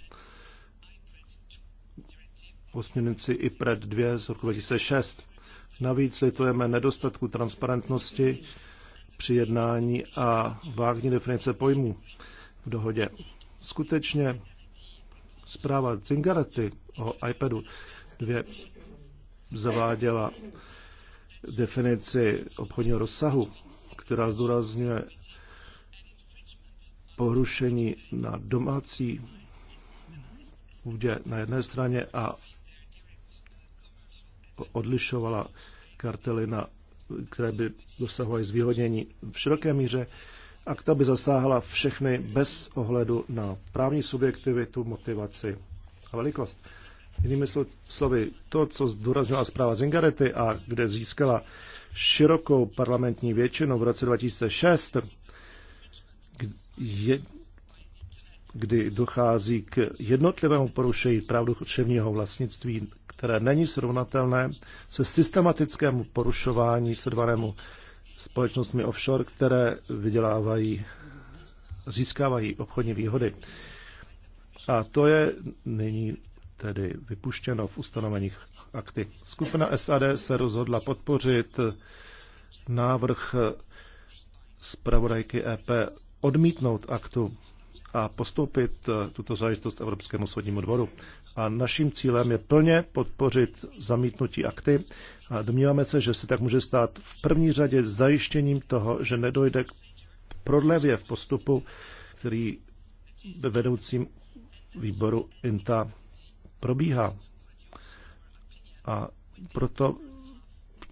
S3: o směrnici před 2 z roku 2006. Navíc litujeme nedostatku transparentnosti při jednání a vágní definice pojmů v dohodě skutečně zpráva Zingarety o iPadu 2 zaváděla definici obchodního rozsahu, která zdůrazňuje pohrušení na domácí půdě na jedné straně a odlišovala kartely, na, které by dosahovaly zvýhodnění v široké míře akta by zasáhla všechny bez ohledu na právní subjektivitu, motivaci a velikost. Jinými slovy, to, co zdůraznila zpráva Zingarety a kde získala širokou parlamentní většinu v roce 2006, je, kdy dochází k jednotlivému porušení práv duševního vlastnictví, které není srovnatelné se systematickému porušování sledovanému společnostmi offshore, které vydělávají, získávají obchodní výhody. A to je nyní tedy vypuštěno v ustanoveních akty. Skupina SAD se rozhodla podpořit návrh zpravodajky EP odmítnout aktu a postoupit tuto záležitost Evropskému soudnímu dvoru. A naším cílem je plně podpořit zamítnutí akty a domníváme se, že se tak může stát v první řadě zajištěním toho, že nedojde k prodlevě v postupu, který ve vedoucím výboru INTA probíhá. A proto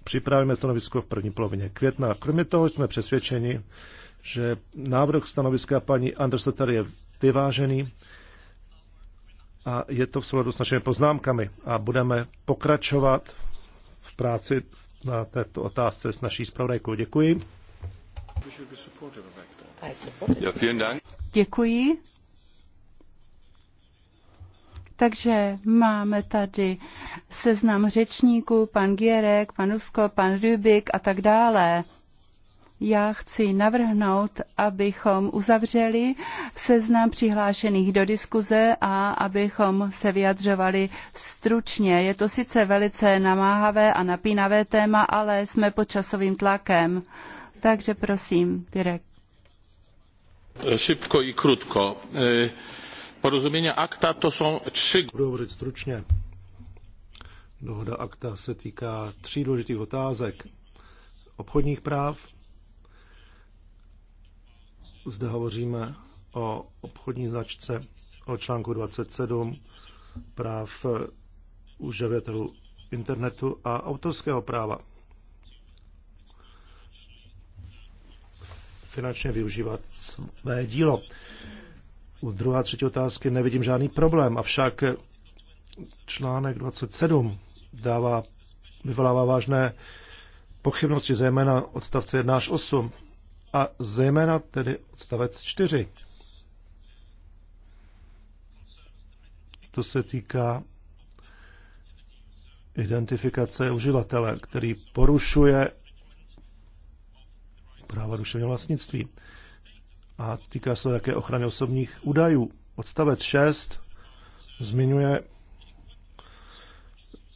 S3: připravíme stanovisko v první polovině května. Kromě toho jsme přesvědčeni, že návrh stanoviska paní Andersletter je vyvážený a je to v souladu s našimi poznámkami a budeme pokračovat v práci na této otázce s naší zpravodajkou. Děkuji.
S1: Děkuji. Takže máme tady seznam řečníků, pan Gierek, pan Usko, pan Rubik a tak dále já chci navrhnout, abychom uzavřeli seznam přihlášených do diskuze a abychom se vyjadřovali stručně. Je to sice velice namáhavé a napínavé téma, ale jsme pod časovým tlakem. Takže prosím, Direk.
S2: Šipko i krutko.
S3: E, porozumění akta to jsou tři... Budu hovořit stručně. Dohoda akta se týká tří důležitých otázek. Obchodních práv, zde hovoříme o obchodní značce, o článku 27 práv uživatelů internetu a autorského práva. Finančně využívat své dílo. U druhé a třetí otázky nevidím žádný problém, avšak článek 27 dává, vyvolává vážné pochybnosti, zejména odstavce 1 až 8 a zejména tedy odstavec 4. To se týká identifikace uživatele, který porušuje práva duševního vlastnictví. A týká se také ochrany osobních údajů. Odstavec 6 zmiňuje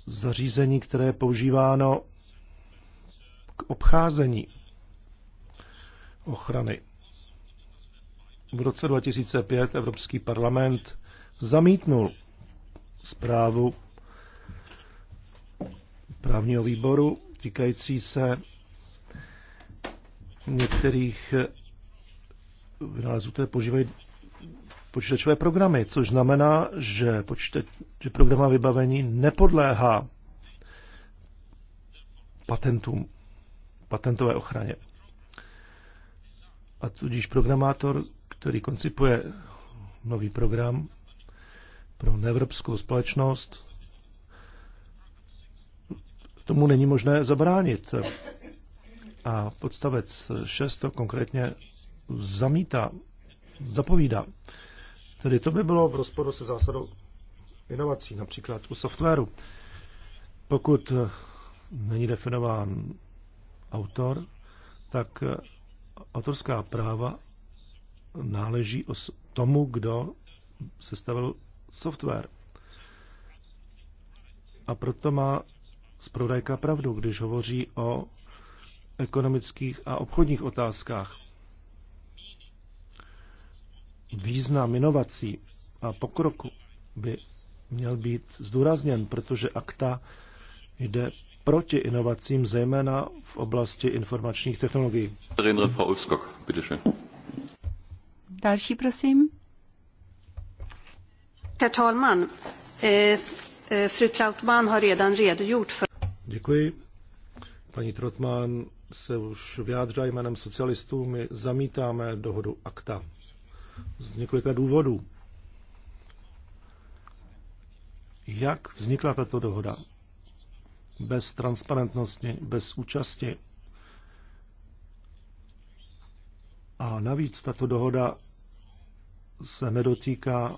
S3: zařízení, které je používáno k obcházení ochrany. V roce 2005 Evropský parlament zamítnul zprávu právního výboru týkající se některých eh, vynálezů, které používají počítačové programy, což znamená, že, počítač, že programa vybavení nepodléhá patentům, patentové ochraně. A tudíž programátor, který koncipuje nový program pro neevropskou společnost, tomu není možné zabránit. A podstavec 6 to konkrétně zamítá, zapovídá. Tedy to by bylo v rozporu se zásadou inovací, například u softwaru. Pokud není definován autor, tak autorská práva náleží tomu, kdo sestavil software. A proto má zpravodajka pravdu, když hovoří o ekonomických a obchodních otázkách. Význam inovací a pokroku by měl být zdůrazněn, protože akta jde proti inovacím, zejména v oblasti informačních technologií.
S1: Další, prosím. Herr talman, eh, eh, fru Trautmann har redan redogjort för...
S3: Děkuji. Paní Trautmann se už vyjádřila jménem socialistů. My zamítáme dohodu akta z několika důvodů. Jak vznikla tato dohoda? bez transparentnosti, bez účasti. A navíc tato dohoda se nedotýká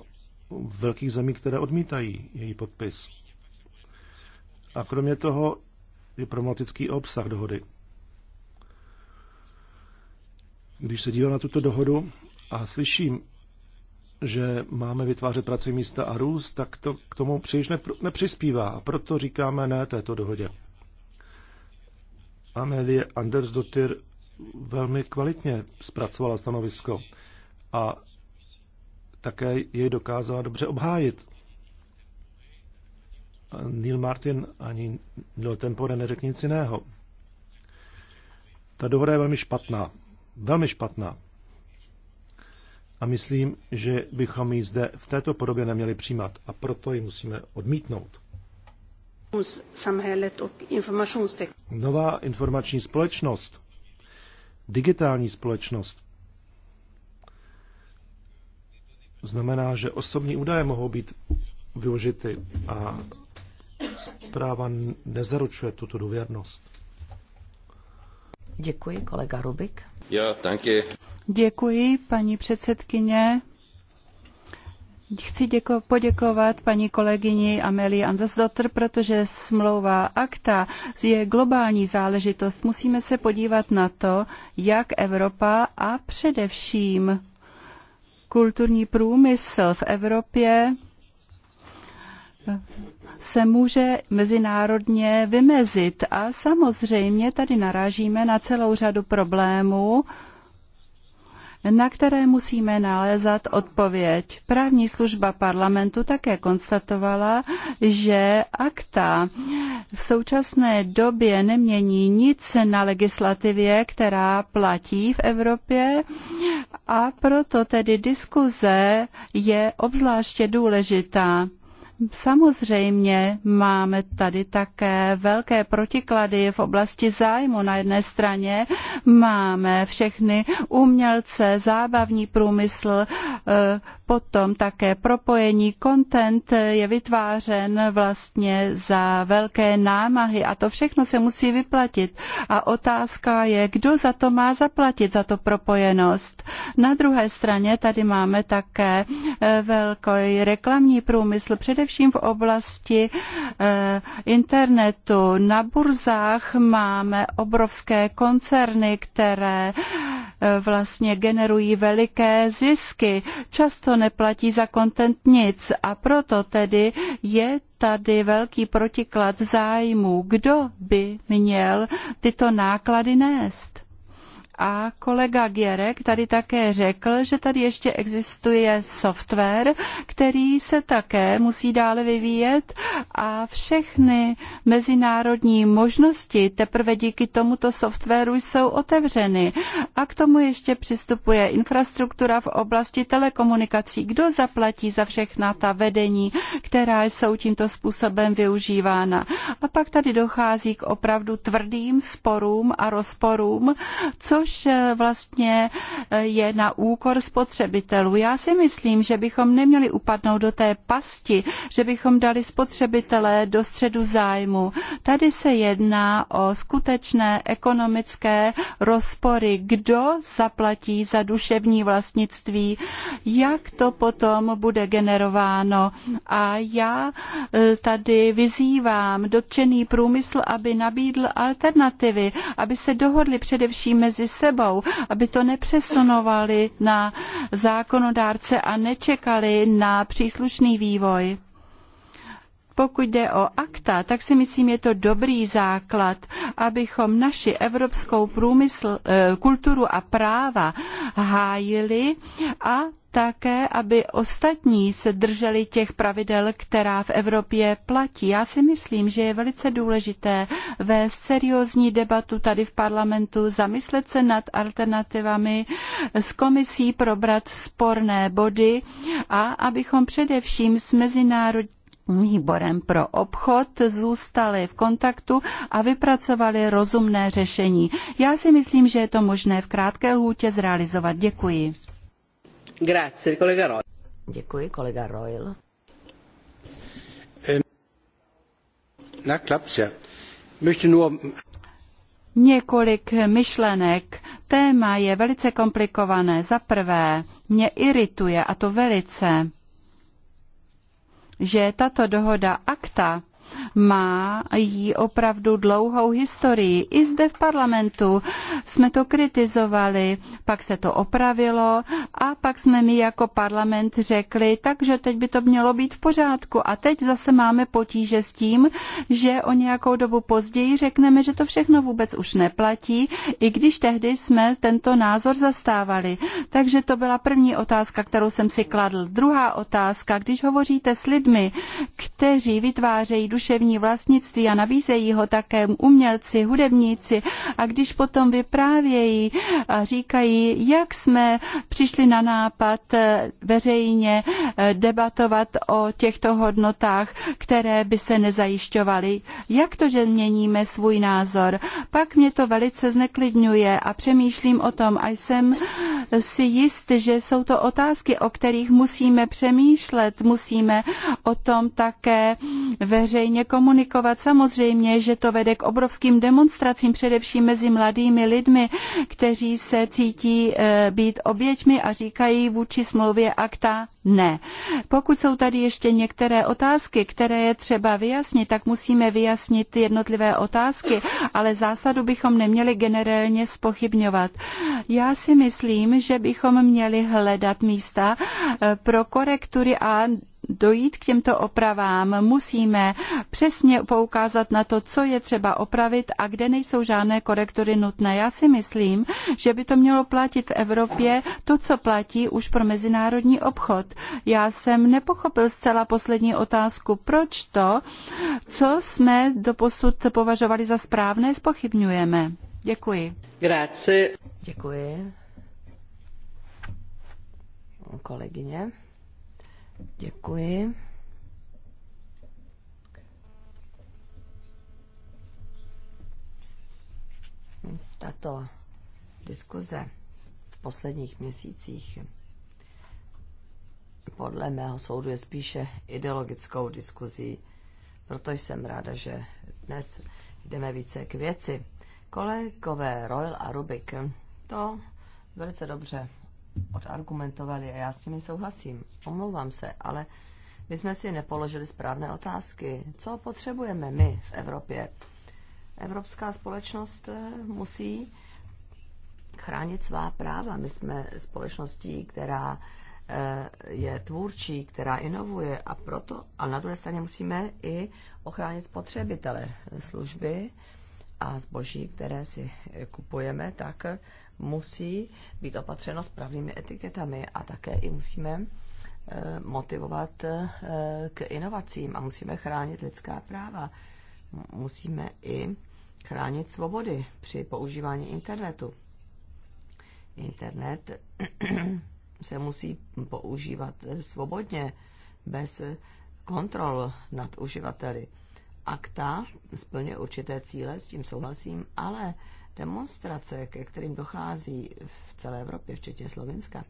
S3: velkých zemí, které odmítají její podpis. A kromě toho je problematický obsah dohody. Když se dívám na tuto dohodu a slyším, že máme vytvářet pracovní místa a růst, tak to k tomu příliš nepřispívá. A proto říkáme ne této dohodě. Amelie Dottir velmi kvalitně zpracovala stanovisko a také jej dokázala dobře obhájit. Neil Martin ani do Tempore neřekl nic jiného. Ta dohoda je velmi špatná. Velmi špatná a myslím, že bychom ji zde v této podobě neměli přijímat a proto ji musíme odmítnout. Nová informační společnost, digitální společnost, znamená, že osobní údaje mohou být využity a zpráva nezaručuje tuto důvěrnost.
S1: Děkuji, kolega Rubik.
S3: Jo, danke.
S1: Děkuji, paní předsedkyně. Chci děko- poděkovat paní kolegyni Amelie Andersdotter, protože smlouva akta je globální záležitost. Musíme se podívat na to, jak Evropa a především kulturní průmysl v Evropě se může mezinárodně vymezit. A samozřejmě tady narážíme na celou řadu problémů, na které musíme nalézat odpověď. Právní služba parlamentu také konstatovala, že akta v současné době nemění nic na legislativě, která platí v Evropě a proto tedy diskuze je obzvláště důležitá. Samozřejmě máme tady také velké protiklady v oblasti zájmu. Na jedné straně máme všechny umělce, zábavní průmysl, eh, potom také propojení. Content je vytvářen vlastně za velké námahy a to všechno se musí vyplatit. A otázka je, kdo za to má zaplatit, za to propojenost. Na druhé straně tady máme také eh, velký reklamní průmysl, především především v oblasti eh, internetu. Na burzách máme obrovské koncerny, které eh, vlastně generují veliké zisky, často neplatí za content nic a proto tedy je tady velký protiklad zájmů. Kdo by měl tyto náklady nést? A kolega Gierek tady také řekl, že tady ještě existuje software, který se také musí dále vyvíjet a všechny mezinárodní možnosti teprve díky tomuto softwaru jsou otevřeny. A k tomu ještě přistupuje infrastruktura v oblasti telekomunikací. Kdo zaplatí za všechna ta vedení, která jsou tímto způsobem využívána? A pak tady dochází k opravdu tvrdým sporům a rozporům, což což eh, vlastně eh, je na úkor spotřebitelů. Já si myslím, že bychom neměli upadnout do té pasti, že bychom dali spotřebitele do středu zájmu. Tady se jedná o skutečné ekonomické rozpory, kdo zaplatí za duševní vlastnictví, jak to potom bude generováno. A já eh, tady vyzývám dotčený průmysl, aby nabídl alternativy, aby se dohodli především mezi sebou, aby to nepřesunovali na zákonodárce a nečekali na příslušný vývoj. Pokud jde o akta, tak si myslím, je to dobrý základ, abychom naši evropskou průmysl, eh, kulturu a práva hájili a také, aby ostatní se drželi těch pravidel, která v Evropě platí. Já si myslím, že je velice důležité vést seriózní debatu tady v parlamentu, zamyslet se nad alternativami, s komisí probrat sporné body a abychom především s mezinárodní výborem pro obchod zůstali v kontaktu a vypracovali rozumné řešení. Já si myslím, že je to možné v krátké lhůtě zrealizovat. Děkuji.
S2: Grazie, kolega Royal. Děkuji, kolega Royal.
S3: Eh, na klapce. Möchte nur...
S1: Několik myšlenek. Téma je velice komplikované. Za prvé, mě irituje, a to velice, že tato dohoda akta má jí opravdu dlouhou historii. I zde v parlamentu jsme to kritizovali, pak se to opravilo a pak jsme my jako parlament řekli, takže teď by to mělo být v pořádku. A teď zase máme potíže s tím, že o nějakou dobu později řekneme, že to všechno vůbec už neplatí, i když tehdy jsme tento názor zastávali. Takže to byla první otázka, kterou jsem si kladl. Druhá otázka, když hovoříte s lidmi, kteří vytvářejí duši duševní vlastnictví a nabízejí ho také umělci, hudebníci a když potom vyprávějí a říkají, jak jsme přišli na nápad eh, veřejně eh, debatovat o těchto hodnotách, které by se nezajišťovaly. Jak to, že měníme svůj názor? Pak mě to velice zneklidňuje a přemýšlím o tom a jsem si jist, že jsou to otázky, o kterých musíme přemýšlet, musíme o tom také veřejně veřejně komunikovat. Samozřejmě, že to vede k obrovským demonstracím, především mezi mladými lidmi, kteří se cítí eh, být oběťmi a říkají vůči smlouvě akta ne. Pokud jsou tady ještě některé otázky, které je třeba vyjasnit, tak musíme vyjasnit jednotlivé otázky, ale zásadu bychom neměli generálně spochybňovat. Já si myslím, že bychom měli hledat místa eh, pro korektury a dojít k těmto opravám, musíme přesně poukázat na to, co je třeba opravit a kde nejsou žádné korektory nutné. Já si myslím, že by to mělo platit v Evropě to, co platí už pro mezinárodní obchod. Já jsem nepochopil zcela poslední otázku, proč to, co jsme doposud považovali za správné, spochybňujeme. Děkuji. Grazie. Děkuji.
S2: Kolegyně. Děkuji. Tato diskuze v posledních měsících podle mého soudu je spíše ideologickou diskuzí, proto jsem ráda, že dnes jdeme více k věci. Kolegové Royal a Rubik to velice dobře odargumentovali a já s nimi souhlasím. Omlouvám se, ale my jsme si nepoložili správné otázky. Co potřebujeme my v Evropě? Evropská společnost eh, musí chránit svá práva. My jsme společností, která eh, je tvůrčí, která inovuje a proto, ale na druhé straně musíme i ochránit spotřebitele služby a zboží, které si kupujeme, tak musí být opatřeno správnými etiketami a také i musíme eh, motivovat eh, k inovacím a musíme chránit lidská práva. Musíme i chránit svobody při používání internetu. Internet se musí používat svobodně, bez kontrol nad uživateli. Akta splně určité cíle, s tím souhlasím, ale demonstrace, ke kterým dochází v celé Evropě, včetně Slovenska,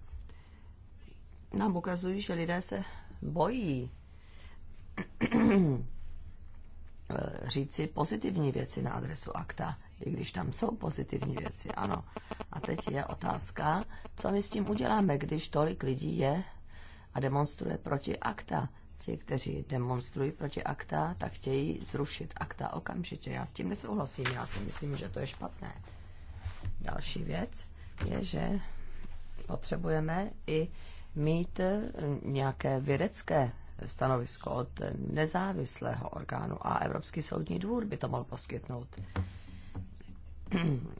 S2: nám ukazují, že lidé se bojí eh, říci pozitivní věci na adresu akta, i když tam jsou pozitivní věci, ano. A teď je otázka, co my s tím uděláme, když tolik lidí je a demonstruje proti akta ti, kteří demonstrují proti akta, tak chtějí zrušit akta okamžitě. Já s tím nesouhlasím, já si myslím, že to je špatné. Další věc je, že potřebujeme i mít eh, nějaké vědecké stanovisko od nezávislého orgánu a Evropský soudní dvůr by to mohl poskytnout.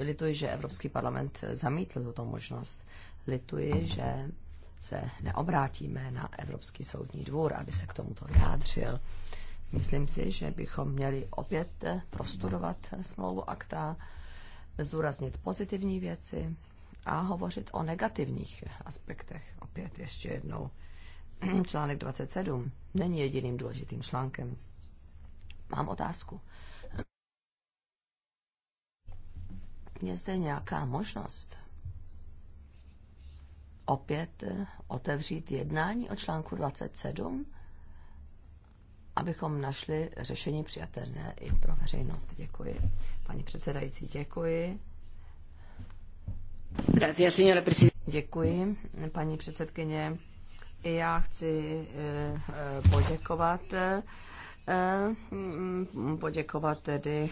S2: Lituji, že Evropský parlament zamítl tuto možnost. Lituji, že se neobrátíme na Evropský soudní dvůr, aby se k tomuto vyjádřil. Myslím si, že bychom měli opět prostudovat smlouvu akta, zúraznit pozitivní věci a hovořit o negativních aspektech. Opět ještě jednou. Článek 27 není jediným důležitým článkem. Mám otázku. Je zde nějaká možnost opět eh, otevřít jednání o článku 27, abychom našli řešení přijatelné i pro veřejnost. Děkuji. Paní předsedající, děkuji. Gracias, Děkuji, paní předsedkyně. I já chci eh, eh, poděkovat mm, poděkovat tedy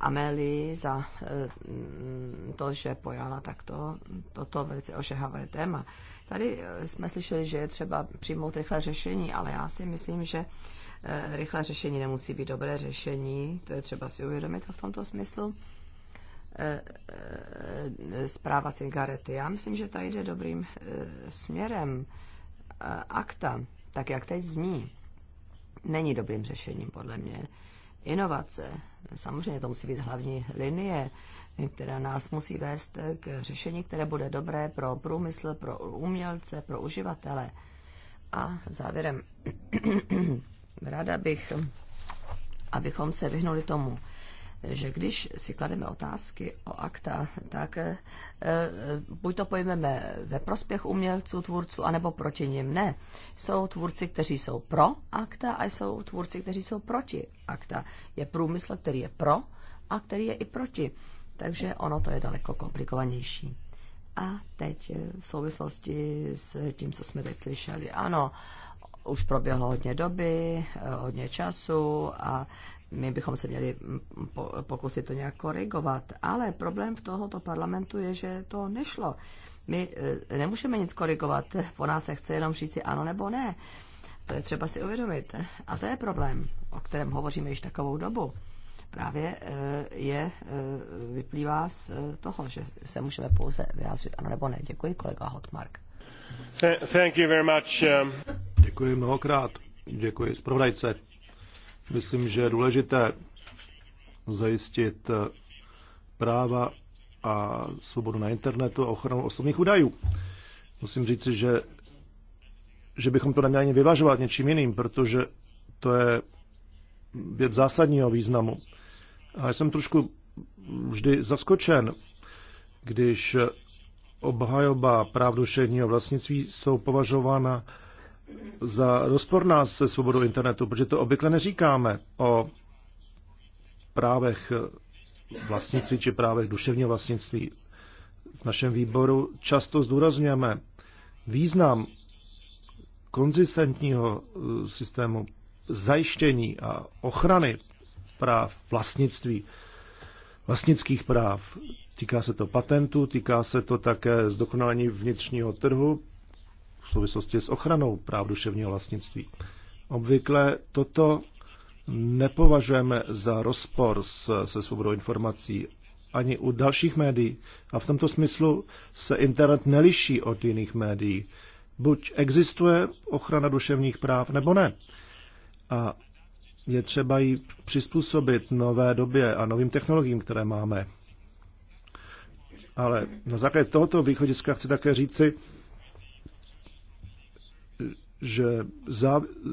S2: Amélii za eh, mm, to, že pojala takto toto velice ošehavé téma. Tady eh, jsme slyšeli, že je třeba přijmout rychlé řešení, ale já si myslím, že eh, rychlé řešení nemusí být dobré řešení, to je třeba si uvědomit a v tomto smyslu zpráva cigarety. Já myslím, že ta jde dobrým směrem. Akta, tak jak teď zní, není dobrým řešením podle mě. Inovace, samozřejmě to musí být hlavní linie, která nás musí vést k řešení, které bude dobré pro průmysl, pro umělce, pro uživatele. A závěrem, ráda bych, abychom se vyhnuli tomu, že když si klademe otázky o akta, tak eh, eh, buď to pojmeme ve prospěch umělců, tvůrců, anebo proti nim ne. Jsou tvůrci, kteří jsou pro akta a jsou tvůrci, kteří jsou proti akta. Je průmysl, který je pro a který je i proti. Takže ono to je daleko komplikovanější. A teď eh, v souvislosti s tím, co jsme teď slyšeli. Ano, už proběhlo hodně doby, hodně času a my bychom se měli mm, pokusit to nějak korigovat. Ale problém v tohoto parlamentu je, že to nešlo. My e, nemůžeme nic korigovat, po nás se chce jenom si ano nebo ne. To je třeba si uvědomit. A to je problém, o kterém hovoříme již takovou dobu. Právě e, je, e, vyplývá z toho, že se můžeme pouze vyjádřit ano nebo ne. Děkuji, kolega Hotmark.
S1: Thank you very much.
S3: Um. Děkuji mnohokrát. Děkuji zpravodajce. Myslím, že je důležité zajistit eh, práva a svobodu na internetu a ochranu osobních údajů. Musím říct, že, že bychom to neměli ani vyvažovat něčím jiným, protože to je věc zásadního významu. A jsem trošku vždy zaskočen, když obhajoba práv duševního vlastnictví jsou považována za rozporná se svobodou internetu, protože to obvykle neříkáme o právech vlastnictví či právech duševního vlastnictví. V našem výboru často zdůrazňujeme význam konzistentního eh, systému zajištění a ochrany práv vlastnictví, vlastnických práv. Týká se to patentů, týká se to také zdokonalení vnitřního trhu, v souvislosti s ochranou práv duševního vlastnictví. Obvykle toto nepovažujeme za rozpor s, se svobodou informací ani u dalších médií. A v tomto smyslu se internet neliší od jiných médií. Buď existuje ochrana duševních práv, nebo ne. A je třeba ji přizpůsobit nové době a novým technologiím, které máme. Ale na základě tohoto východiska chci také říci, že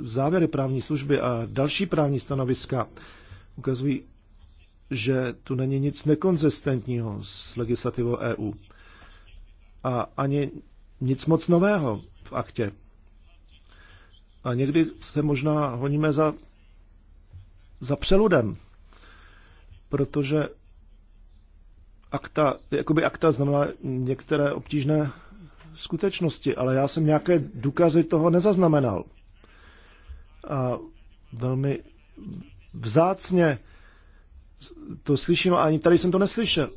S3: závěry právní služby a další právní stanoviska ukazují, že tu není nic nekonzistentního s legislativou EU a ani nic moc nového v aktě. A někdy se možná honíme za, za přeludem, protože akta, jakoby akta znamená některé obtížné skutečnosti, ale já jsem nějaké důkazy toho nezaznamenal. A velmi vzácně to slyším a ani tady jsem to neslyšel.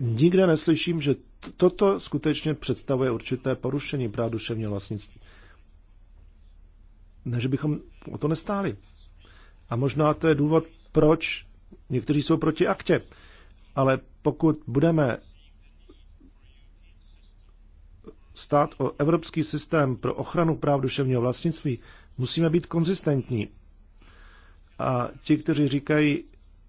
S3: Nikde neslyším, že toto skutečně představuje určité porušení práv duševního vlastnictví. Ne, že bychom o to nestáli. A možná to je důvod, proč někteří jsou proti aktě. Ale pokud budeme stát o evropský systém pro ochranu práv duševního vlastnictví, musíme být konzistentní. A ti, kteří říkají,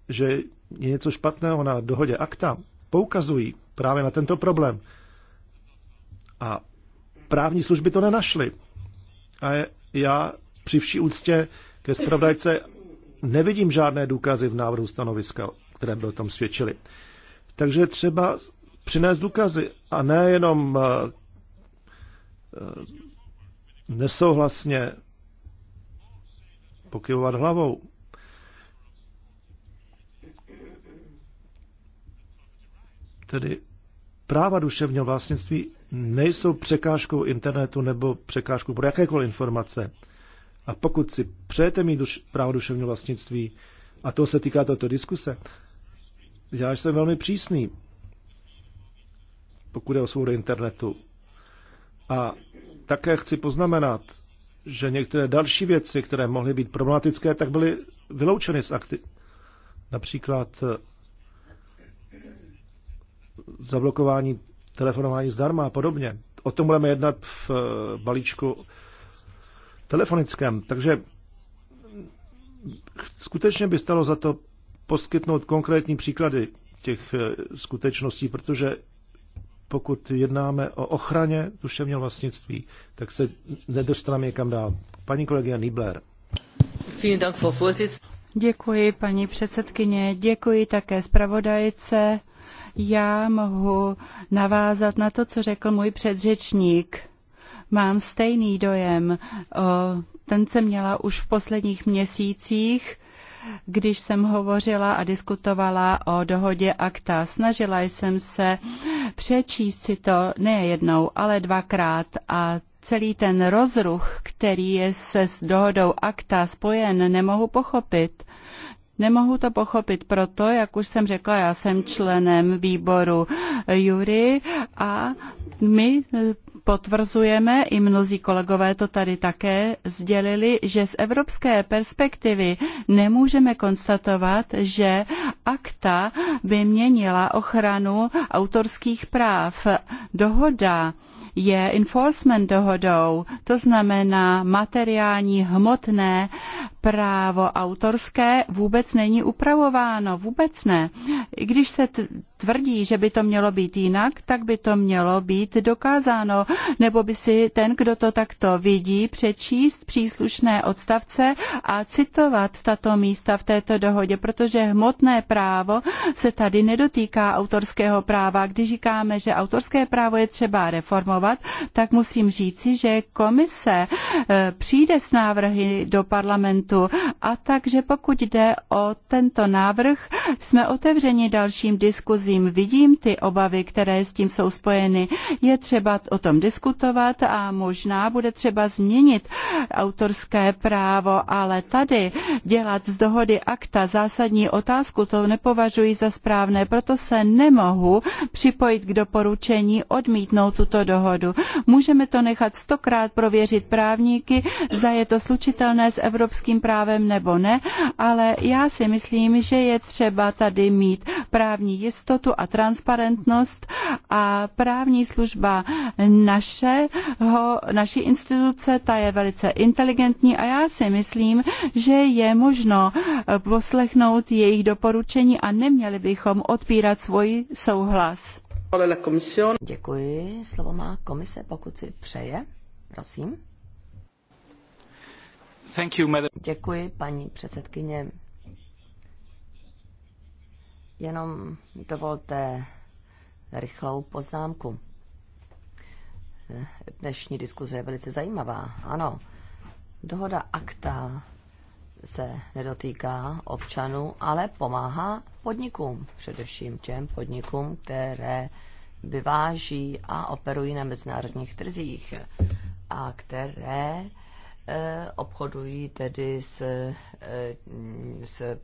S3: že je něco špatného na dohodě akta, poukazují právě na tento problém. A právní služby to nenašly. A já při vší úctě ke zpravodajce nevidím žádné důkazy v návrhu stanoviska, které by o tom svědčili. Takže třeba přinést důkazy a nejenom eh, Eh, nesouhlasně pokyvovat hlavou. Tedy práva duševního vlastnictví nejsou překážkou internetu nebo překážkou pro jakékoliv informace. A pokud si přejete mít duš, právo duševního vlastnictví, a to se týká této diskuse, já jsem velmi přísný, pokud je o svobodu internetu. A také chci poznamenat, že některé další věci, které mohly být problematické, tak byly vyloučeny z akty. Například eh, zablokování telefonování zdarma a podobně. O tom budeme jednat v eh, balíčku telefonickém. Takže skutečně by stalo za to poskytnout konkrétní příklady těch eh, skutečností, protože pokud jednáme o ochraně duševního vlastnictví, tak se nedostaneme někam dál. Paní kolegyně Niebler.
S1: Děkuji, paní předsedkyně. Děkuji také zpravodajce. Já mohu navázat na to, co řekl můj předřečník. Mám stejný dojem. ten se měla už v posledních měsících když jsem hovořila a diskutovala o dohodě akta. Snažila jsem se přečíst si to ne jednou, ale dvakrát a celý ten rozruch, který je se s dohodou akta spojen, nemohu pochopit. Nemohu to pochopit proto, jak už jsem řekla, já jsem členem výboru Jury a my potvrzujeme, i mnozí kolegové to tady také sdělili, že z evropské perspektivy nemůžeme konstatovat, že akta by měnila ochranu autorských práv. Dohoda je enforcement dohodou, to znamená materiální hmotné právo autorské vůbec není upravováno, vůbec ne. Když se tvrdí, že by to mělo být jinak, tak by to mělo být dokázáno, nebo by si ten, kdo to takto vidí, přečíst příslušné odstavce a citovat tato místa v této dohodě, protože hmotné právo se tady nedotýká autorského práva. Když říkáme, že autorské právo je třeba reformovat, tak musím říci, že komise eh, přijde s návrhy do parlamentu a takže pokud jde o tento návrh, jsme otevřeni dalším diskuzím předchozím vidím ty obavy, které s tím jsou spojeny. Je třeba o tom diskutovat a možná bude třeba změnit autorské právo, ale tady dělat z dohody akta zásadní otázku, to nepovažuji za správné, proto se nemohu připojit k doporučení odmítnout tuto dohodu. Můžeme to nechat stokrát prověřit právníky, zda je to slučitelné s evropským právem nebo ne, ale já si myslím, že je třeba tady mít právní jistotu, jistotu a transparentnost a právní služba našeho, naší instituce, ta je velice inteligentní a já si myslím, že je možno poslechnout jejich doporučení a neměli bychom odpírat svůj souhlas.
S2: Děkuji. Slovo má komise, pokud si přeje. Prosím. Děkuji, paní předsedkyně. Jenom dovolte rychlou poznámku. Dnešní diskuze je velice zajímavá. Ano, dohoda akta se nedotýká občanů, ale pomáhá podnikům, především těm podnikům, které vyváží a operují na mezinárodních trzích a které eh, obchodují tedy s, eh, s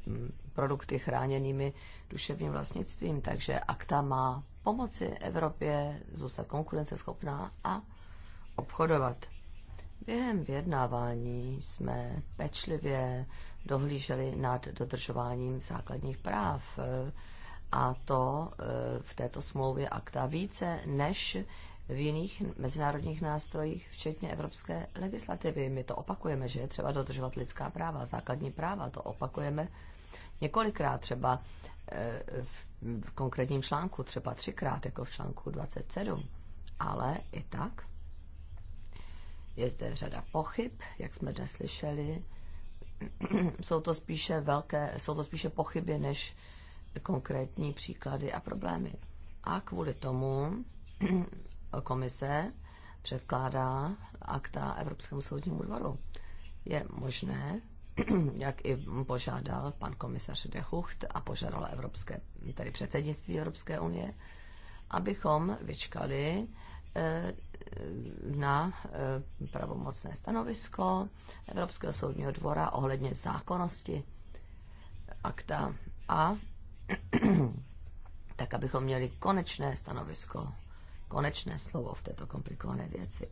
S2: produkty chráněnými duševním vlastnictvím. Takže akta má pomoci Evropě zůstat konkurenceschopná a obchodovat. Během vyjednávání jsme pečlivě dohlíželi nad dodržováním základních práv a to eh, v této smlouvě akta více než v jiných mezinárodních nástrojích, včetně evropské legislativy. My to opakujeme, že je třeba dodržovat lidská práva, základní práva, to opakujeme několikrát třeba eh, v konkrétním článku, třeba třikrát, jako v článku 27. Ale i tak je zde řada pochyb, jak jsme dnes slyšeli. jsou, to spíše velké, jsou to spíše pochyby než konkrétní příklady a problémy. A kvůli tomu komise předkládá akta Evropskému soudnímu dvoru. Je možné, jak i požádal pan komisař de Hucht a požádal Evropské, tedy předsednictví Evropské unie, abychom vyčkali eh, na eh, pravomocné stanovisko Evropského soudního dvora ohledně zákonnosti akta a tak, abychom měli konečné stanovisko, konečné slovo v této komplikované věci.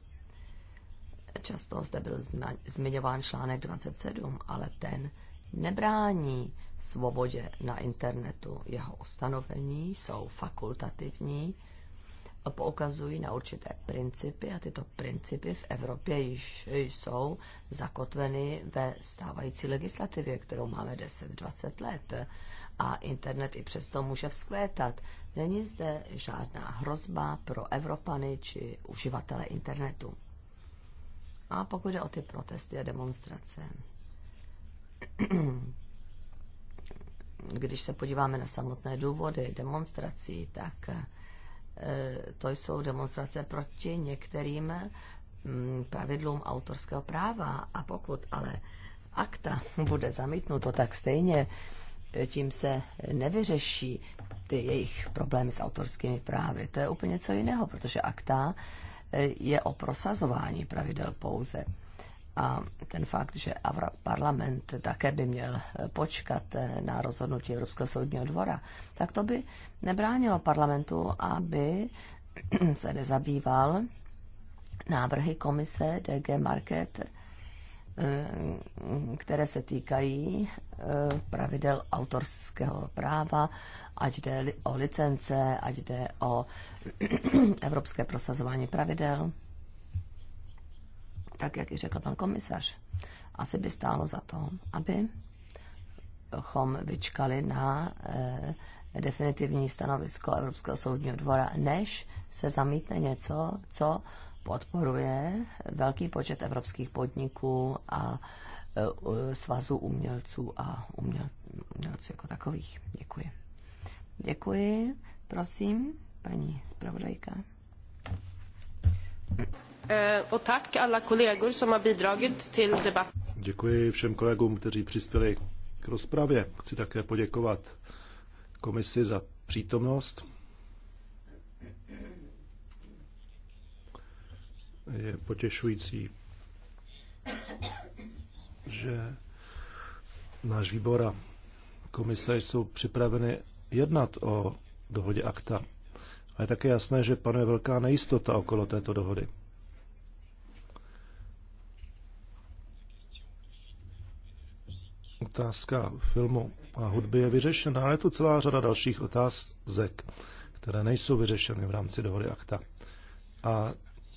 S2: Často zde byl zmiňován článek 27, ale ten nebrání svobodě na internetu. Jeho ustanovení jsou fakultativní poukazují na určité principy a tyto principy v Evropě již jsou zakotveny ve stávající legislativě, kterou máme 10-20 let. A internet i přesto může vzkvétat. Není zde žádná hrozba pro Evropany či uživatele internetu. A pokud jde o ty protesty a demonstrace, když se podíváme na samotné důvody demonstrací, tak eh, to jsou demonstrace proti některým mm, pravidlům autorského práva. A pokud ale akta bude zamítnuto, tak stejně eh, tím se nevyřeší ty jejich problémy s autorskými právy. To je úplně co jiného, protože akta je o prosazování pravidel pouze. A ten fakt, že parlament také by měl počkat eh, na rozhodnutí Evropského soudního dvora, tak to by nebránilo parlamentu, aby se nezabýval návrhy komise DG Market, eh, které se týkají eh, pravidel autorského práva, ať jde o licence, ať jde o evropské prosazování pravidel, tak jak i řekl pan komisař, asi by stálo za to, abychom vyčkali na eh, definitivní stanovisko Evropského soudního dvora, než se zamítne něco, co podporuje velký počet evropských podniků a eh, svazu umělců a uměl, umělců jako takových. Děkuji. Děkuji, prosím
S3: paní zpravodajka. Eh, Děkuji všem kolegům, kteří přispěli k rozpravě. Chci také poděkovat komisi za přítomnost. Je potěšující, že náš výbor a komise jsou připraveny jednat o dohodě akta a je také jasné, že panuje velká nejistota okolo této dohody. Otázka filmu a hudby je vyřešena, ale je tu celá řada dalších otázek, které nejsou vyřešeny v rámci dohody akta. A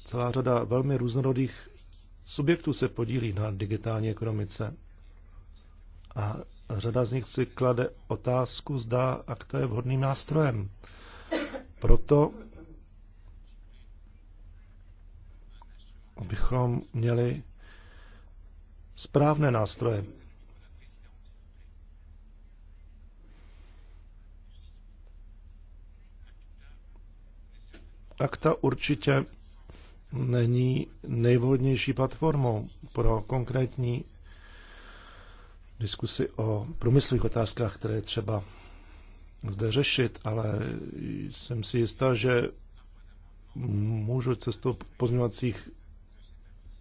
S3: celá řada velmi různorodých subjektů se podílí na digitální ekonomice. A řada z nich si klade otázku, zda akta je vhodným nástrojem proto, abychom měli správné nástroje. Akta určitě není nejvhodnější platformou pro konkrétní diskusy o průmyslových otázkách, které třeba zde řešit, ale jsem si jistá, že můžu cestou pozměňovacích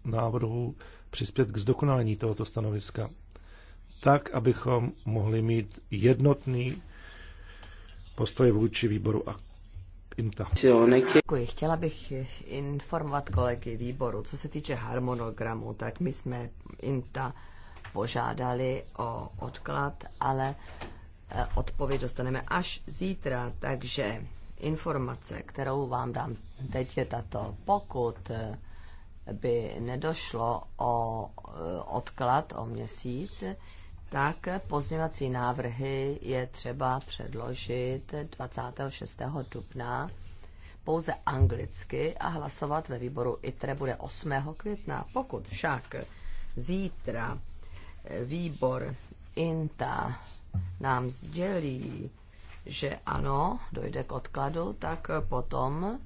S3: návrhů přispět k zdokonání tohoto stanoviska. Tak, abychom mohli mít jednotný postoj vůči výboru a IMTA.
S2: Děkuji. Chtěla bych informovat kolegy výboru, co se týče harmonogramu, tak my jsme INTA požádali o odklad, ale Eh, odpověď dostaneme až zítra, takže informace, kterou vám dám teď je tato. Pokud eh, by nedošlo o eh, odklad o měsíc, tak pozměvací návrhy je třeba předložit 26. dubna pouze anglicky a hlasovat ve výboru ITRE bude 8. května. Pokud však zítra výbor INTA nám sdělí, že ano, dojde k odkladu, tak potom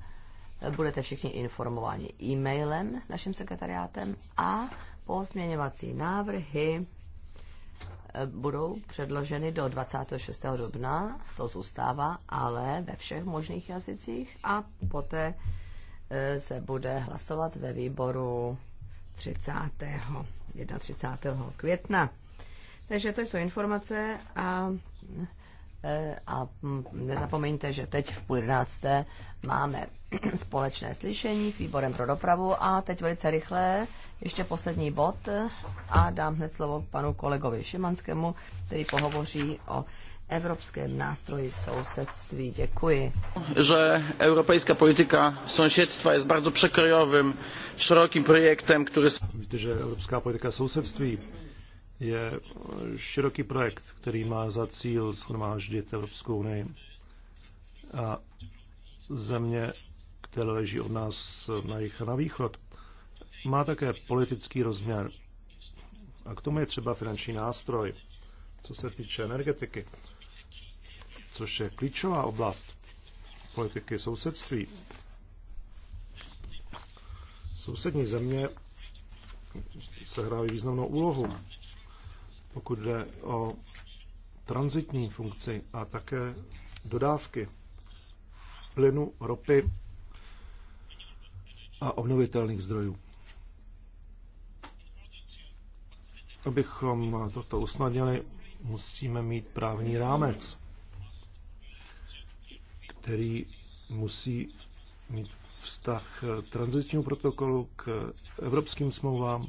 S2: budete všichni informováni e-mailem naším sekretariátem a pozměňovací návrhy eh, budou předloženy do 26. dubna, to zůstává, ale ve všech možných jazycích a poté eh, se bude hlasovat ve výboru 30. 31. května. Takže to jsou informace a, e, a nezapomeňte, že teď v půl jedenácté máme společné slyšení s výborem pro dopravu a teď velice rychle ještě poslední bod a dám hned slovo panu kolegovi Šimanskému, který pohovoří o evropském nástroji sousedství. Děkuji.
S3: Že evropská politika sousedství je bardzo překrojovým, širokým projektem, který... Víte, že evropská politika sousedství je široký projekt, který má za cíl shromáždit Evropskou unii a země, které leží od nás na jich a na východ, má také politický rozměr. A k tomu je třeba finanční nástroj, co se týče energetiky, což je klíčová oblast politiky sousedství. Sousední země sehrávají významnou úlohu pokud jde o transitní funkci a také dodávky plynu, ropy a obnovitelných zdrojů. Abychom toto usnadnili, musíme mít právní rámec, který musí mít vztah transitního protokolu k evropským smlouvám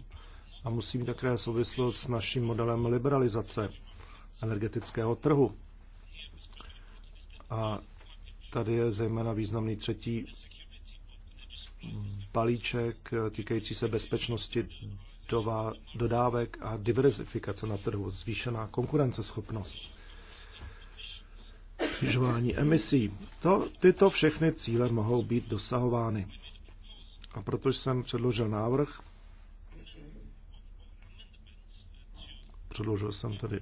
S3: a musí mít také souvislost s naším modelem liberalizace energetického trhu. A tady je zejména významný třetí balíček týkající se bezpečnosti dodávek a diverzifikace na trhu, zvýšená konkurenceschopnost, snižování emisí. To, tyto všechny cíle mohou být dosahovány. A proto jsem předložil návrh, Předložil jsem tedy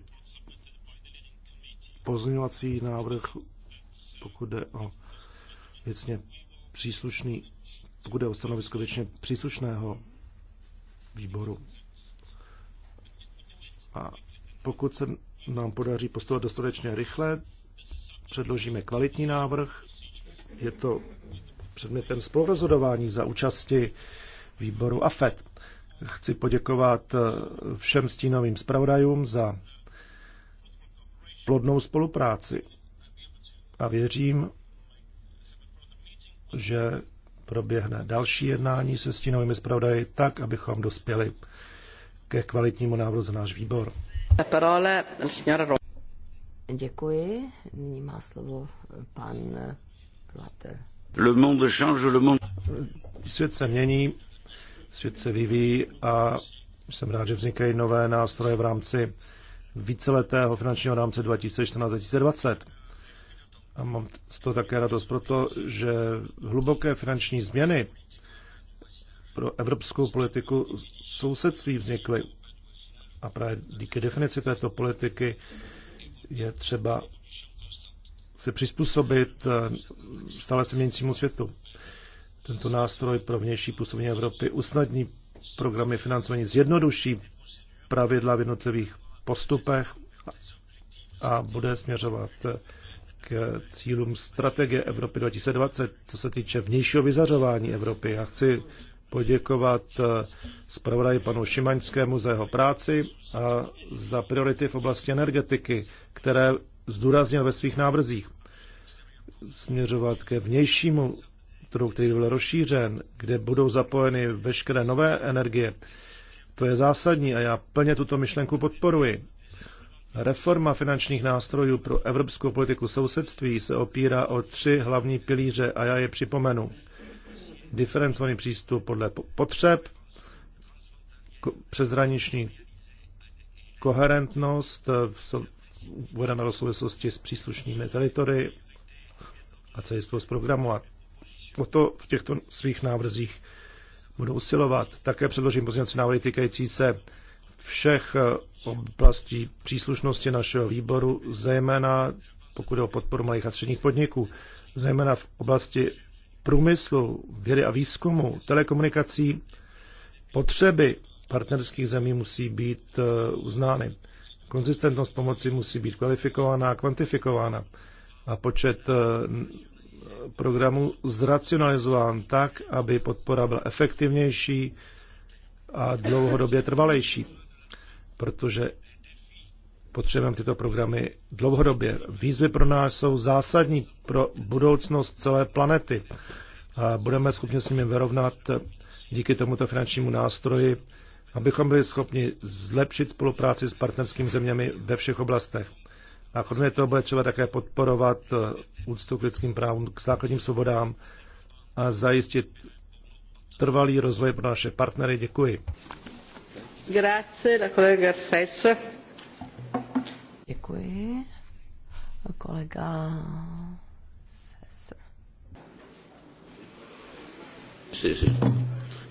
S3: pozměňovací návrh, pokud jde o věcně příslušný, pokud jde o stanovisko věcně příslušného výboru. A pokud se nám podaří postupovat dostatečně rychle, předložíme kvalitní návrh. Je to předmětem spolurozhodování za účasti výboru AFED. Chci poděkovat eh, všem stínovým zpravodajům za plodnou spolupráci a věřím, že proběhne další jednání se stínovými zpravodaji tak, abychom dospěli ke kvalitnímu návrhu za náš výbor.
S2: Děkuji. Nyní má slovo pan Plater.
S1: Le monde change, le monde...
S3: Svět se mění Svět se vyvíjí a jsem rád, že vznikají nové nástroje v rámci víceletého finančního rámce 2014-2020. A mám z toho také radost, proto, že hluboké finanční změny pro evropskou politiku sousedství vznikly. A právě díky definici této politiky je třeba se přizpůsobit eh, stále se měnícímu světu tento nástroj pro vnější působení Evropy usnadní programy financování, zjednoduší pravidla v jednotlivých postupech a bude směřovat k cílům strategie Evropy 2020, co se týče vnějšího vyzařování Evropy. Já chci poděkovat zpravodaji panu Šimaňskému za jeho práci a za priority v oblasti energetiky, které zdůraznil ve svých návrzích směřovat ke vnějšímu sektoru, který byl rozšířen, kde budou zapojeny veškeré nové energie. To je zásadní a já plně tuto myšlenku podporuji. Reforma finančních nástrojů pro evropskou politiku sousedství se opírá o tři hlavní pilíře a já je připomenu. Diferencovaný přístup podle potřeb, přezraniční koherentnost eh, uvedena do souvislosti s příslušnými teritory a celistvost programu a o to v těchto svých návrzích budu usilovat. Také předložím pozměňovací návrhy týkající se všech eh, oblastí příslušnosti našeho výboru, zejména pokud je o podporu malých a středních podniků, zejména v oblasti průmyslu, vědy a výzkumu, telekomunikací, potřeby partnerských zemí musí být eh, uznány. Konzistentnost pomoci musí být kvalifikovaná a kvantifikována a počet eh, Programu zracionalizován tak, aby podpora byla efektivnější a dlouhodobě trvalejší, protože potřebujeme tyto programy dlouhodobě. Výzvy pro nás jsou zásadní pro budoucnost celé planety a budeme schopni s nimi vyrovnat díky tomuto finančnímu nástroji, abychom byli schopni zlepšit spolupráci s partnerskými zeměmi ve všech oblastech. A kromě toho bude třeba také podporovat eh, úctu k lidským právům, k základním svobodám a zajistit trvalý rozvoj pro naše partnery. Děkuji.
S1: Grazie, la
S3: Děkuji.
S2: Kolega Cesar.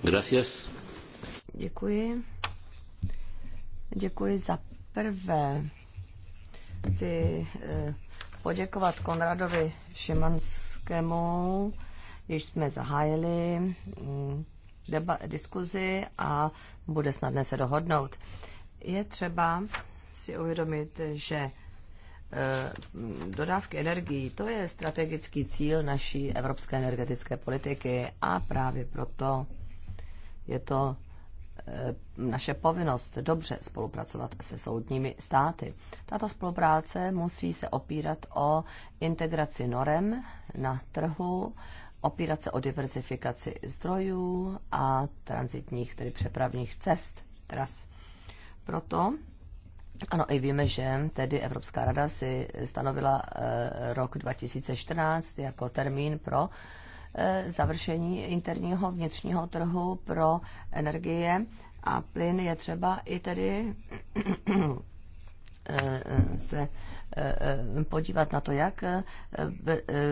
S2: Gracias. Děkuji. Děkuji za prvé chci eh, poděkovat Konradovi Šimanskému, když jsme zahájili mm, deba- diskuzi a bude snadné se dohodnout. Je třeba si uvědomit, že eh, dodávky energií, to je strategický cíl naší evropské energetické politiky a právě proto je to Eh, naše povinnost dobře spolupracovat se soudními státy. Tato spolupráce musí se opírat o integraci norem na trhu, opírat se o diversifikaci zdrojů a transitních, tedy přepravních cest, tras. Proto ano, i víme, že tedy Evropská rada si stanovila eh, rok 2014 jako termín pro Eh, završení interního vnitřního trhu pro energie a plyn je třeba i tedy eh, eh, se podívat na to, jak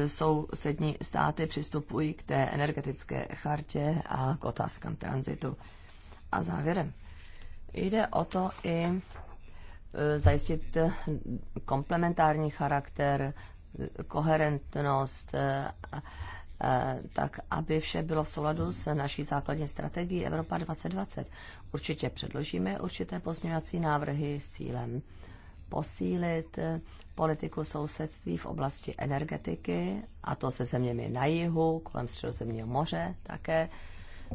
S2: sousední státy přistupují k té energetické chartě a k otázkám tranzitu. A závěrem. Jde o to i zajistit komplementární charakter, koherentnost Eh, tak aby vše bylo v souladu s naší základní strategií Evropa 2020. Určitě předložíme určité pozměňovací návrhy s cílem posílit eh, politiku sousedství v oblasti energetiky, a to se zeměmi na jihu, kolem Středozemního moře také,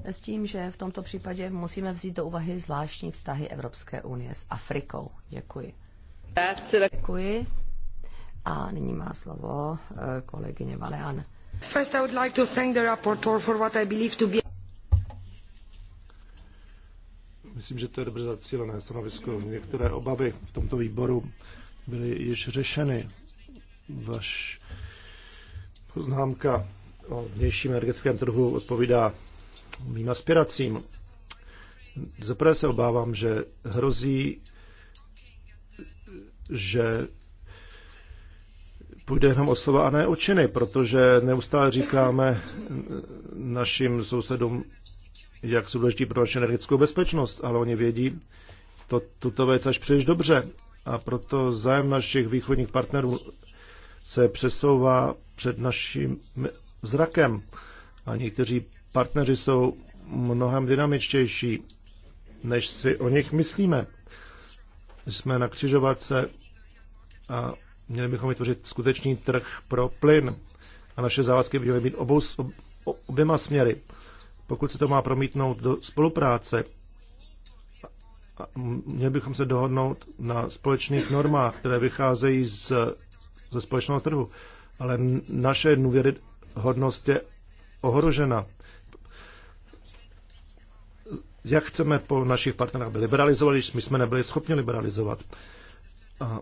S2: s tím, že v tomto případě musíme vzít do úvahy zvláštní vztahy Evropské unie s Afrikou. Děkuji. Děkuji. A nyní má slovo eh, kolegyně Valean. First I would like to thank the rapporteur for what I believe to be
S3: Myslím, že to je dobře zacílené stanovisko. Některé obavy v tomto výboru byly již řešeny. Vaš poznámka o vnějším energetickém trhu odpovídá mým aspiracím. Zaprvé se obávám, že hrozí, že půjde jenom o slova a ne o činy, protože neustále říkáme našim sousedům, jak jsou důležití pro naši energetickou bezpečnost, ale oni vědí to, tuto věc až příliš dobře. A proto zájem našich východních partnerů se přesouvá před naším zrakem. A někteří partneři jsou mnohem dynamičtější, než si o nich myslíme. Jsme na křižovatce a Měli bychom vytvořit skutečný trh pro plyn a naše závazky by měly být obou, oběma směry. Pokud se to má promítnout do spolupráce, měli bychom se dohodnout na společných normách, které vycházejí z, ze společného trhu. Ale naše hodnost je ohrožena. Jak chceme po našich partnerách, aby liberalizovali, když my jsme nebyli schopni liberalizovat. A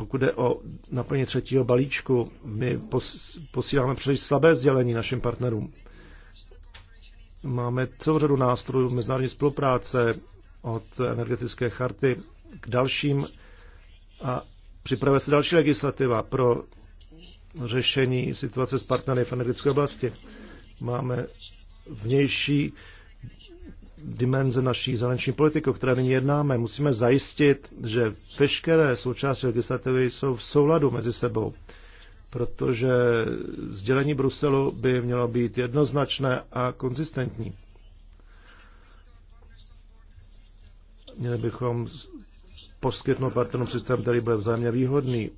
S3: pokud je o naplně třetího balíčku, my posíláme příliš slabé sdělení našim partnerům. Máme celou řadu nástrojů mezinárodní spolupráce od energetické charty k dalším a připravuje se další legislativa pro řešení situace s partnery v energetické oblasti. Máme vnější dimenze naší zahraniční politiky, o které nyní jednáme. Musíme zajistit, že veškeré součásti legislativy jsou v souladu mezi sebou, protože sdělení Bruselu by mělo být jednoznačné a konzistentní. Měli bychom poskytnout partnerům systém, který bude vzájemně výhodný,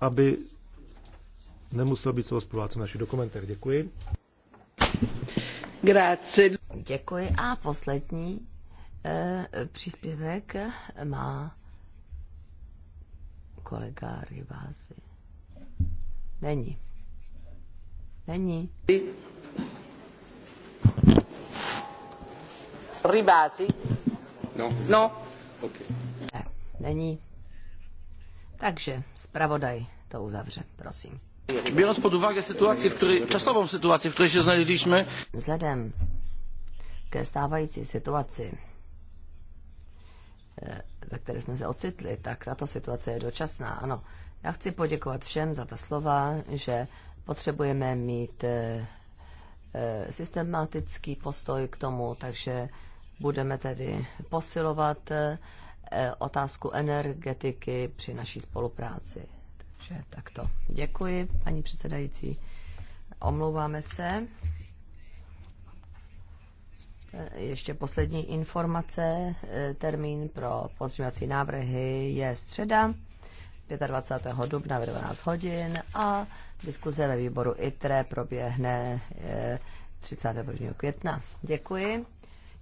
S3: aby nemusel být celospoluvácem našich dokumentech. Děkuji.
S2: Grazie. Děkuji. A poslední eh, příspěvek má kolega Rivázy. Není. Není. Ribáci?
S3: No. No. Okay. Ne,
S2: není. Takže zpravodaj to uzavře, prosím.
S3: Biorąc pod uwagę sytuację, w której, czasową sytuację, w której się znaleźliśmy...
S2: Vzhledem ke stávající e, ve které jsme se ocitli, tak tato situace je dočasná. Ano, já chci poděkovat všem za ta slova, že potřebujeme mít e, e, systematický postoj k tomu, takže budeme tedy posilovat otázku energetiky při naší spolupráci tak takto. Děkuji, paní předsedající. Omlouváme se. Eh, ještě poslední informace. Eh, termín pro pozměňovací návrhy je středa 25. dubna ve 12 hodin a diskuze ve výboru ITRE proběhne 31. Eh, května. Děkuji.